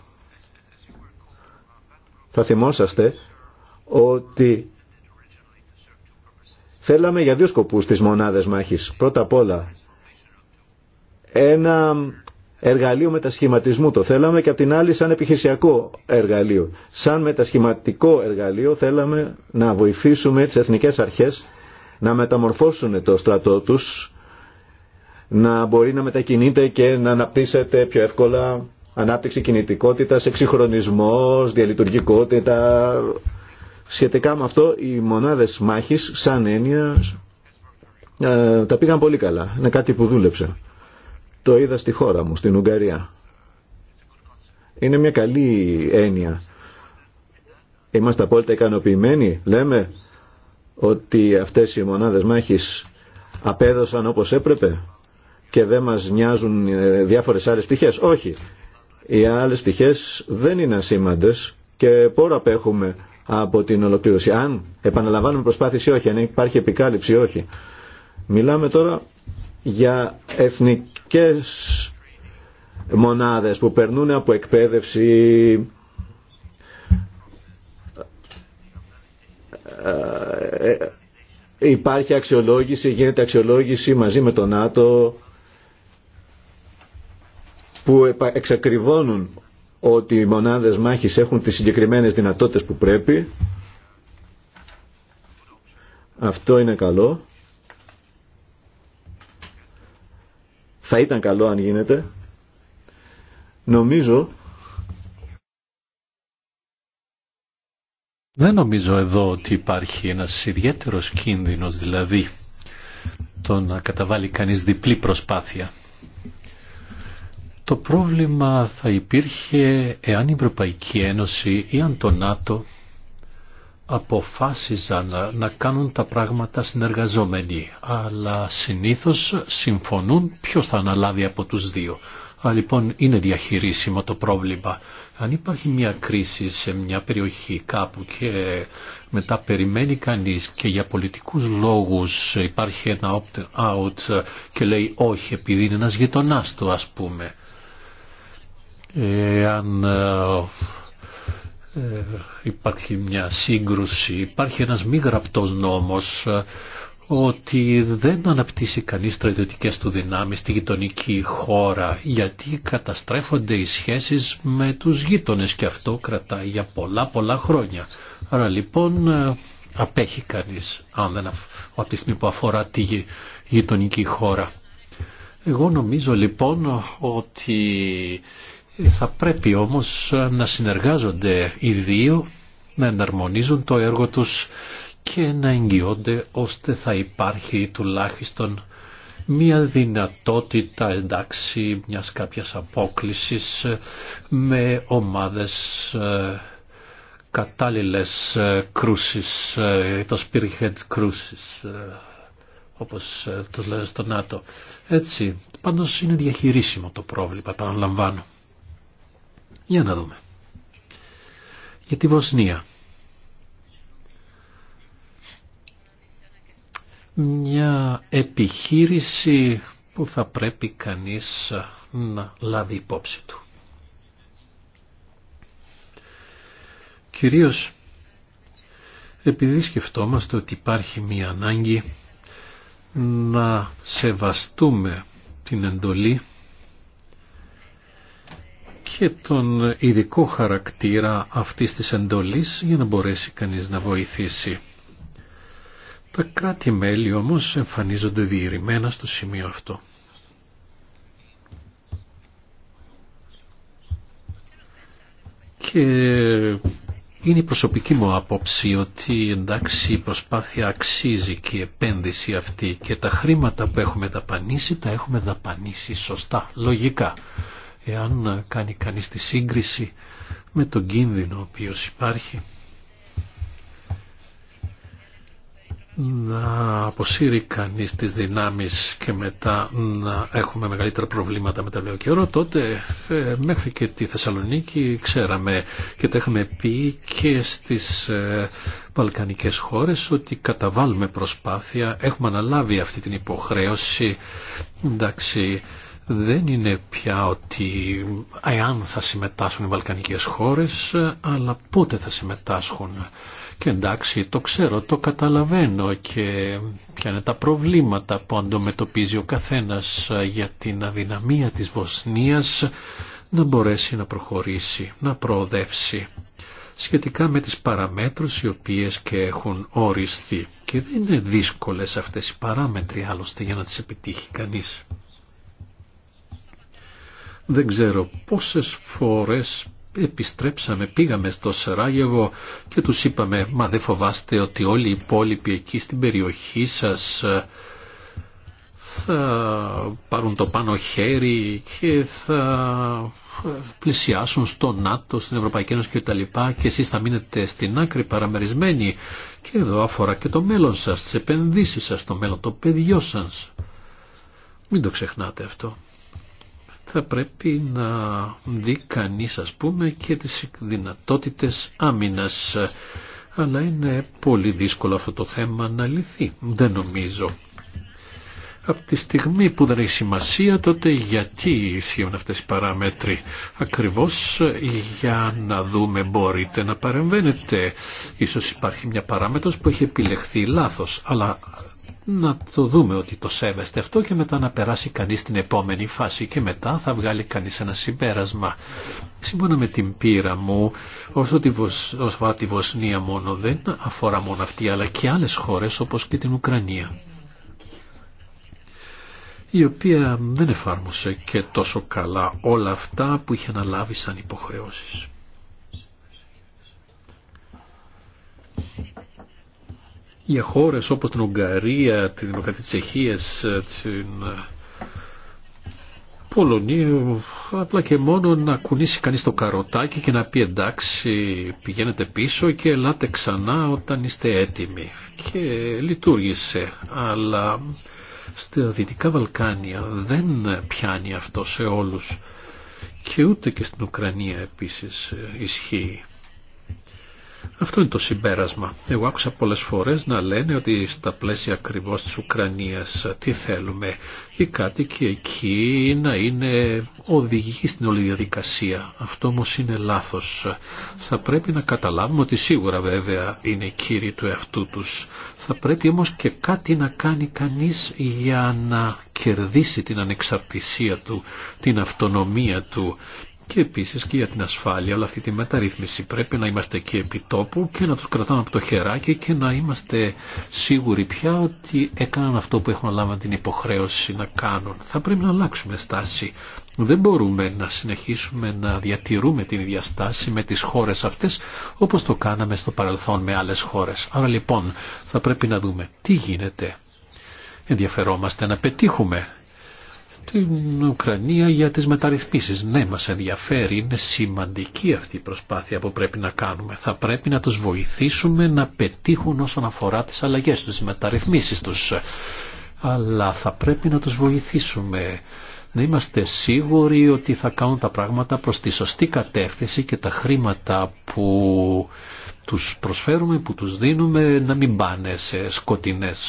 Θα θυμόσαστε ότι Θέλαμε για δύο σκοπούς τις μονάδες μάχης. Πρώτα απ' όλα, ένα εργαλείο μετασχηματισμού το θέλαμε και απ' την άλλη σαν επιχειρησιακό εργαλείο. Σαν μετασχηματικό εργαλείο θέλαμε να βοηθήσουμε τις εθνικές αρχές να μεταμορφώσουν το στρατό τους, να μπορεί να μετακινείται και να αναπτύσσεται πιο εύκολα ανάπτυξη κινητικότητας, εξυγχρονισμός, διαλειτουργικότητα, Σχετικά με αυτό οι μονάδες μάχης σαν έννοια ε, τα πήγαν πολύ καλά. Είναι κάτι που δούλεψε. Το είδα στη χώρα μου, στην Ουγγαρία. Είναι μια καλή έννοια. Είμαστε απόλυτα ικανοποιημένοι. Λέμε ότι αυτές οι μονάδες μάχης απέδωσαν όπως έπρεπε και δεν μας νοιάζουν ε, διάφορες άλλες πτυχές. Όχι. Οι άλλες πτυχές δεν είναι ασήμαντες και πόρα απέχουμε από την ολοκλήρωση. Αν επαναλαμβάνουμε προσπάθηση, ή όχι, αν υπάρχει επικάλυψη ή όχι. Μιλάμε τώρα για εθνικές μονάδες που περνούν από εκπαίδευση ε, ε, υπάρχει αξιολόγηση, γίνεται αξιολόγηση μαζί με τον ΝΑΤΟ που εξακριβώνουν ότι οι μονάδες μάχης έχουν τις συγκεκριμένες δυνατότητες που πρέπει. Αυτό είναι καλό. Θα ήταν καλό αν γίνεται. Νομίζω Δεν νομίζω εδώ ότι υπάρχει ένας ιδιαίτερος κίνδυνος, δηλαδή το να καταβάλει κανείς διπλή προσπάθεια το πρόβλημα θα υπήρχε εάν η Ευρωπαϊκή Ένωση ή αν το ΝΑΤΟ αποφάσιζαν να, κάνουν τα πράγματα συνεργαζόμενοι, αλλά συνήθως συμφωνούν ποιος θα αναλάβει από τους δύο. Α, λοιπόν, είναι διαχειρίσιμο το πρόβλημα. Αν υπάρχει μια κρίση σε μια περιοχή κάπου και μετά περιμένει κανείς και για πολιτικούς λόγους υπάρχει ένα opt-out και λέει όχι επειδή είναι ένας γειτονάς του ας πούμε εάν ε, ε, υπάρχει μια σύγκρουση, υπάρχει ένας μη γραπτός νόμος ε, ότι δεν αναπτύσσει κανείς στρατιωτικές του δυνάμεις στη γειτονική χώρα γιατί καταστρέφονται οι σχέσεις με τους γείτονες και αυτό κρατάει για πολλά πολλά χρόνια. Άρα λοιπόν απέχει κανείς αν δεν, από τη στιγμή που αφορά τη γειτονική χώρα. Εγώ νομίζω λοιπόν ότι θα πρέπει όμως να συνεργάζονται οι δύο, να εναρμονίζουν το έργο τους και να εγγυώνται ώστε θα υπάρχει τουλάχιστον μια δυνατότητα εντάξει μιας κάποιας απόκλησης με ομάδες ε, κατάλληλες ε, κρούσεις, ε, το spearhead κρούσεις όπως το λένε στο ΝΑΤΟ. Έτσι, πάντως είναι διαχειρίσιμο το πρόβλημα, παραλαμβάνω. Για να δούμε. Για τη Βοσνία. Μια επιχείρηση που θα πρέπει κανείς να λάβει υπόψη του. Κυρίως επειδή σκεφτόμαστε ότι υπάρχει μία ανάγκη να σεβαστούμε την εντολή και τον ειδικό χαρακτήρα αυτής της εντολής για να μπορέσει κανείς να βοηθήσει. Τα κράτη-μέλη όμως εμφανίζονται διηρημένα στο σημείο αυτό. Και είναι η προσωπική μου άποψη ότι εντάξει η προσπάθεια αξίζει και η επένδυση αυτή και τα χρήματα που έχουμε δαπανίσει τα έχουμε δαπανίσει σωστά, λογικά εάν κάνει κανείς τη σύγκριση με τον κίνδυνο ο οποίος υπάρχει να αποσύρει κανείς τις δυνάμεις και μετά να έχουμε μεγαλύτερα προβλήματα με τα λέω καιρό, τότε ε, μέχρι και τη Θεσσαλονίκη ξέραμε και τα έχουμε πει και στις ε, Βαλκανικές χώρες ότι καταβάλουμε προσπάθεια, έχουμε αναλάβει αυτή την υποχρέωση, εντάξει, δεν είναι πια ότι εάν θα συμμετάσχουν οι βαλκανικές χώρες, αλλά πότε θα συμμετάσχουν. Και εντάξει, το ξέρω, το καταλαβαίνω και ποια είναι τα προβλήματα που αντιμετωπίζει ο καθένας για την αδυναμία της Βοσνίας να μπορέσει να προχωρήσει, να προοδεύσει σχετικά με τις παραμέτρους οι οποίες και έχουν οριστεί. Και δεν είναι δύσκολες αυτές οι παράμετροι άλλωστε για να τις επιτύχει κανείς δεν ξέρω πόσες φορές επιστρέψαμε, πήγαμε στο Σεράγεβο και τους είπαμε «Μα δεν φοβάστε ότι όλοι οι υπόλοιποι εκεί στην περιοχή σας ε, θα πάρουν το πάνω χέρι και θα ε, πλησιάσουν στο ΝΑΤΟ, στην Ευρωπαϊκή Ένωση και τα και εσείς θα μείνετε στην άκρη παραμερισμένοι και εδώ αφορά και το μέλλον σας, τις επενδύσεις σας, το μέλλον, το παιδιό σας. Μην το ξεχνάτε αυτό θα πρέπει να δει κανείς ας πούμε και τις δυνατότητες άμυνας. Αλλά είναι πολύ δύσκολο αυτό το θέμα να λυθεί, δεν νομίζω. Από τη στιγμή που δεν έχει σημασία τότε γιατί ισχύουν αυτές οι παράμετροι. Ακριβώς για να δούμε μπορείτε να παρεμβαίνετε. Ίσως υπάρχει μια παράμετρος που έχει επιλεχθεί λάθος, αλλά να το δούμε ότι το σέβεστε αυτό και μετά να περάσει κανείς την επόμενη φάση και μετά θα βγάλει κανείς ένα συμπέρασμα. Σύμφωνα με την πείρα μου, όσο τη, Βοσ... τη Βοσνία μόνο δεν αφορά μόνο αυτή, αλλά και άλλες χώρες όπως και την Ουκρανία η οποία δεν εφάρμοσε και τόσο καλά όλα αυτά που είχε αναλάβει σαν υποχρεώσεις. για χώρες όπως την Ουγγαρία, τη Δημοκρατία της Τσεχίας, την ε, Πολωνία, απλά και μόνο να κουνήσει κανείς το καροτάκι και να πει εντάξει πηγαίνετε πίσω και ελάτε ξανά όταν είστε έτοιμοι. Και λειτουργήσε, αλλά στα Δυτικά Βαλκάνια δεν πιάνει αυτό σε όλους και ούτε και στην Ουκρανία επίσης ε, ισχύει. Αυτό είναι το συμπέρασμα. Εγώ άκουσα πολλές φορές να λένε ότι στα πλαίσια ακριβώς της Ουκρανίας ε, τι θέλουμε. Οι κάτοικοι εκεί να είναι οδηγοί στην όλη διαδικασία. Αυτό όμω είναι λάθος. Θα πρέπει να καταλάβουμε ότι σίγουρα βέβαια είναι κύριοι του εαυτού τους. Θα πρέπει όμως και κάτι να κάνει κανείς για να κερδίσει την ανεξαρτησία του, την αυτονομία του και επίσης και για την ασφάλεια, όλη αυτή τη μεταρρύθμιση πρέπει να είμαστε εκεί επί τόπου και να τους κρατάμε από το χεράκι και να είμαστε σίγουροι πια ότι έκαναν αυτό που έχουν λάβει την υποχρέωση να κάνουν. Θα πρέπει να αλλάξουμε στάση. Δεν μπορούμε να συνεχίσουμε να διατηρούμε την ίδια στάση με τις χώρες αυτές όπως το κάναμε στο παρελθόν με άλλες χώρες. Άρα λοιπόν θα πρέπει να δούμε τι γίνεται. Ενδιαφερόμαστε να πετύχουμε την Ουκρανία για τις μεταρρυθμίσεις. Ναι, μας ενδιαφέρει, είναι σημαντική αυτή η προσπάθεια που πρέπει να κάνουμε. Θα πρέπει να τους βοηθήσουμε να πετύχουν όσον αφορά τις αλλαγές τους, τις μεταρρυθμίσεις τους. Αλλά θα πρέπει να τους βοηθήσουμε να είμαστε σίγουροι ότι θα κάνουν τα πράγματα προς τη σωστή κατεύθυνση και τα χρήματα που τους προσφέρουμε, που τους δίνουμε να μην πάνε σε σκοτεινές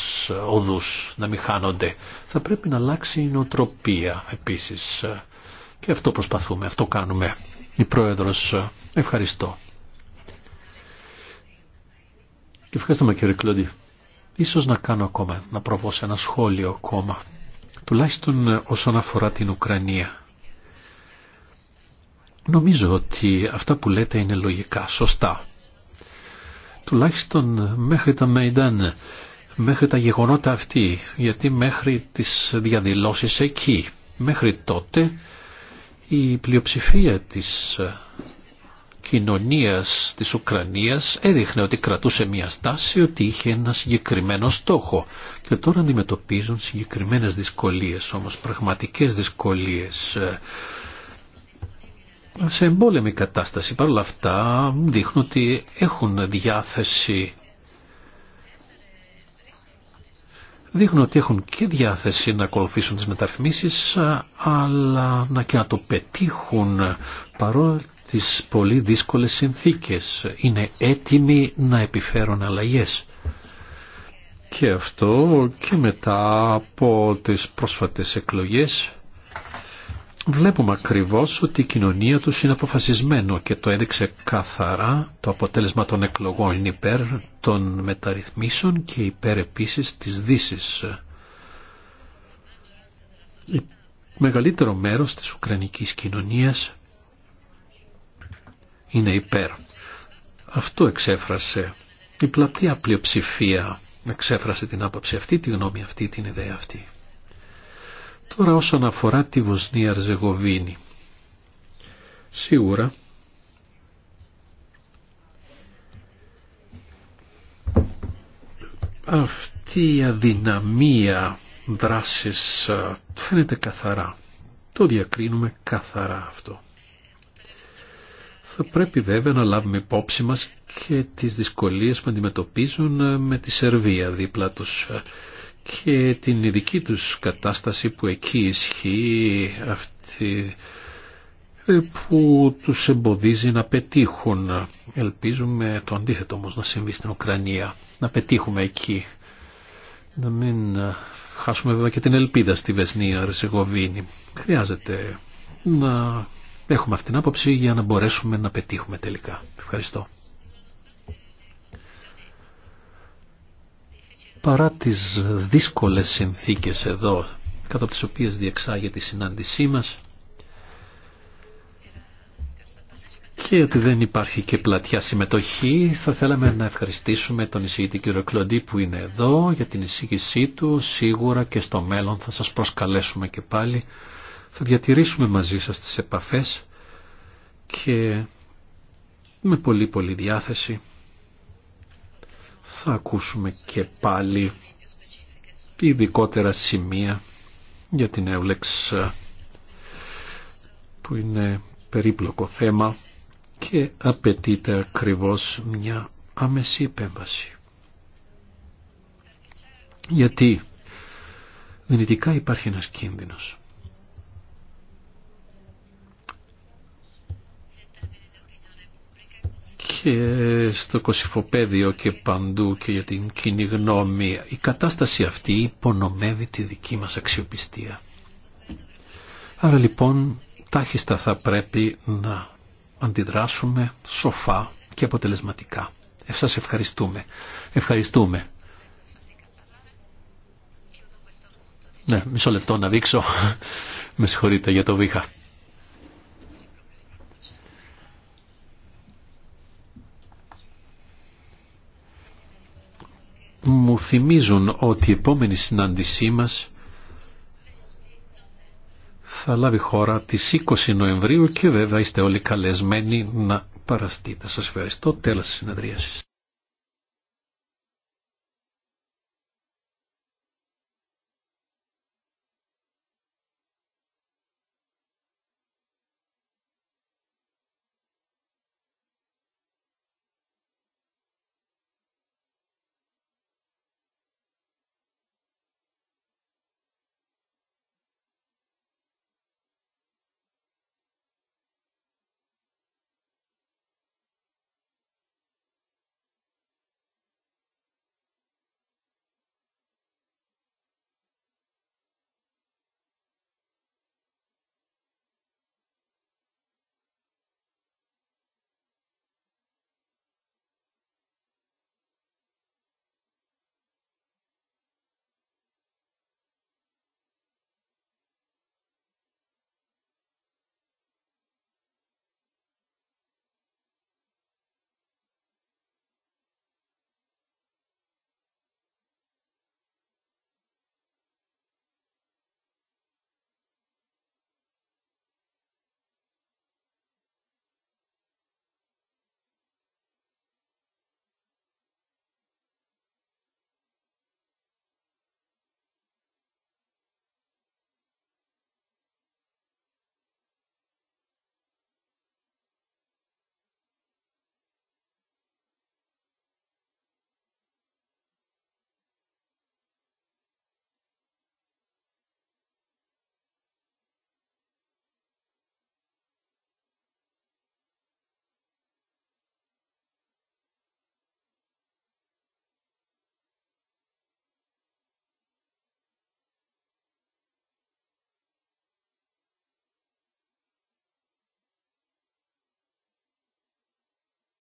οδούς, να μην χάνονται. Θα πρέπει να αλλάξει η νοοτροπία επίσης. Και αυτό προσπαθούμε, αυτό κάνουμε. Η Πρόεδρος, ευχαριστώ. Και Ευχαριστούμε κύριε Κλόντι. Ίσως να κάνω ακόμα, να προβώ σε ένα σχόλιο ακόμα. Τουλάχιστον όσον αφορά την Ουκρανία. Νομίζω ότι αυτά που λέτε είναι λογικά, σωστά τουλάχιστον μέχρι τα Μεϊντάν, μέχρι τα γεγονότα αυτή, γιατί μέχρι τις διαδηλώσεις εκεί, μέχρι τότε η πλειοψηφία της κοινωνίας της Ουκρανίας έδειχνε ότι κρατούσε μια στάση, ότι είχε ένα συγκεκριμένο στόχο και τώρα αντιμετωπίζουν συγκεκριμένες δυσκολίες όμως, πραγματικές δυσκολίες σε εμπόλεμη κατάσταση. Παρ' όλα αυτά δείχνουν ότι έχουν διάθεση δείχνουν ότι έχουν και διάθεση να ακολουθήσουν τις μεταρρυθμίσεις αλλά να και να το πετύχουν παρόλο τις πολύ δύσκολες συνθήκες. Είναι έτοιμοι να επιφέρουν αλλαγές. Και αυτό και μετά από τις πρόσφατες εκλογές βλέπουμε ακριβώς ότι η κοινωνία τους είναι αποφασισμένο και το έδειξε καθαρά το αποτέλεσμα των εκλογών υπέρ των μεταρρυθμίσεων και υπέρ επίσης της δύση. Μεγαλύτερο μέρος της Ουκρανικής κοινωνίας είναι υπέρ. Αυτό εξέφρασε η πλατεία πλειοψηφία εξέφρασε την άποψη αυτή, τη γνώμη αυτή, την ιδέα αυτή. Τώρα όσον αφορά τη Βοσνία Αρζεγοβίνη. Σίγουρα αυτή η αδυναμία δράσης φαίνεται καθαρά. Το διακρίνουμε καθαρά αυτό. Θα πρέπει βέβαια να λάβουμε υπόψη μας και τις δυσκολίες που αντιμετωπίζουν με τη Σερβία δίπλα τους και την ειδική τους κατάσταση που εκεί ισχύει αυτή που τους εμποδίζει να πετύχουν. Ελπίζουμε το αντίθετο όμως να συμβεί στην Ουκρανία, να πετύχουμε εκεί. Να μην χάσουμε βέβαια και την ελπίδα στη Βεσνία Ρεζεγοβίνη. Χρειάζεται να έχουμε αυτήν την άποψη για να μπορέσουμε να πετύχουμε τελικά. Ευχαριστώ. Παρά τις δύσκολες συνθήκες εδώ, κάτω από τις οποίες διεξάγεται η συνάντησή μας, και ότι δεν υπάρχει και πλατιά συμμετοχή, θα θέλαμε να ευχαριστήσουμε τον εισηγητή κύριο Κλοντή που είναι εδώ για την εισήγησή του. Σίγουρα και στο μέλλον θα σας προσκαλέσουμε και πάλι. Θα διατηρήσουμε μαζί σας τις επαφές και με πολύ πολύ διάθεση θα ακούσουμε και πάλι ειδικότερα σημεία για την Ευλέξ που είναι περίπλοκο θέμα και απαιτείται ακριβώς μια άμεση επέμβαση. Γιατί δυνητικά υπάρχει ένας κίνδυνος. και ε, στο κοσυφοπέδιο και παντού και για την κοινή γνώμη. Η κατάσταση αυτή υπονομεύει τη δική μας αξιοπιστία. Άρα λοιπόν τάχιστα θα πρέπει να αντιδράσουμε σοφά και αποτελεσματικά. Ε, ευχαριστούμε. Ευχαριστούμε. Ναι, μισό λεπτό να δείξω. *laughs* Με συγχωρείτε για το βήχα. μου θυμίζουν ότι η επόμενη συνάντησή μας θα λάβει χώρα τις 20 Νοεμβρίου και βέβαια είστε όλοι καλεσμένοι να παραστείτε. Σας ευχαριστώ. Τέλος της συνεδρίασης.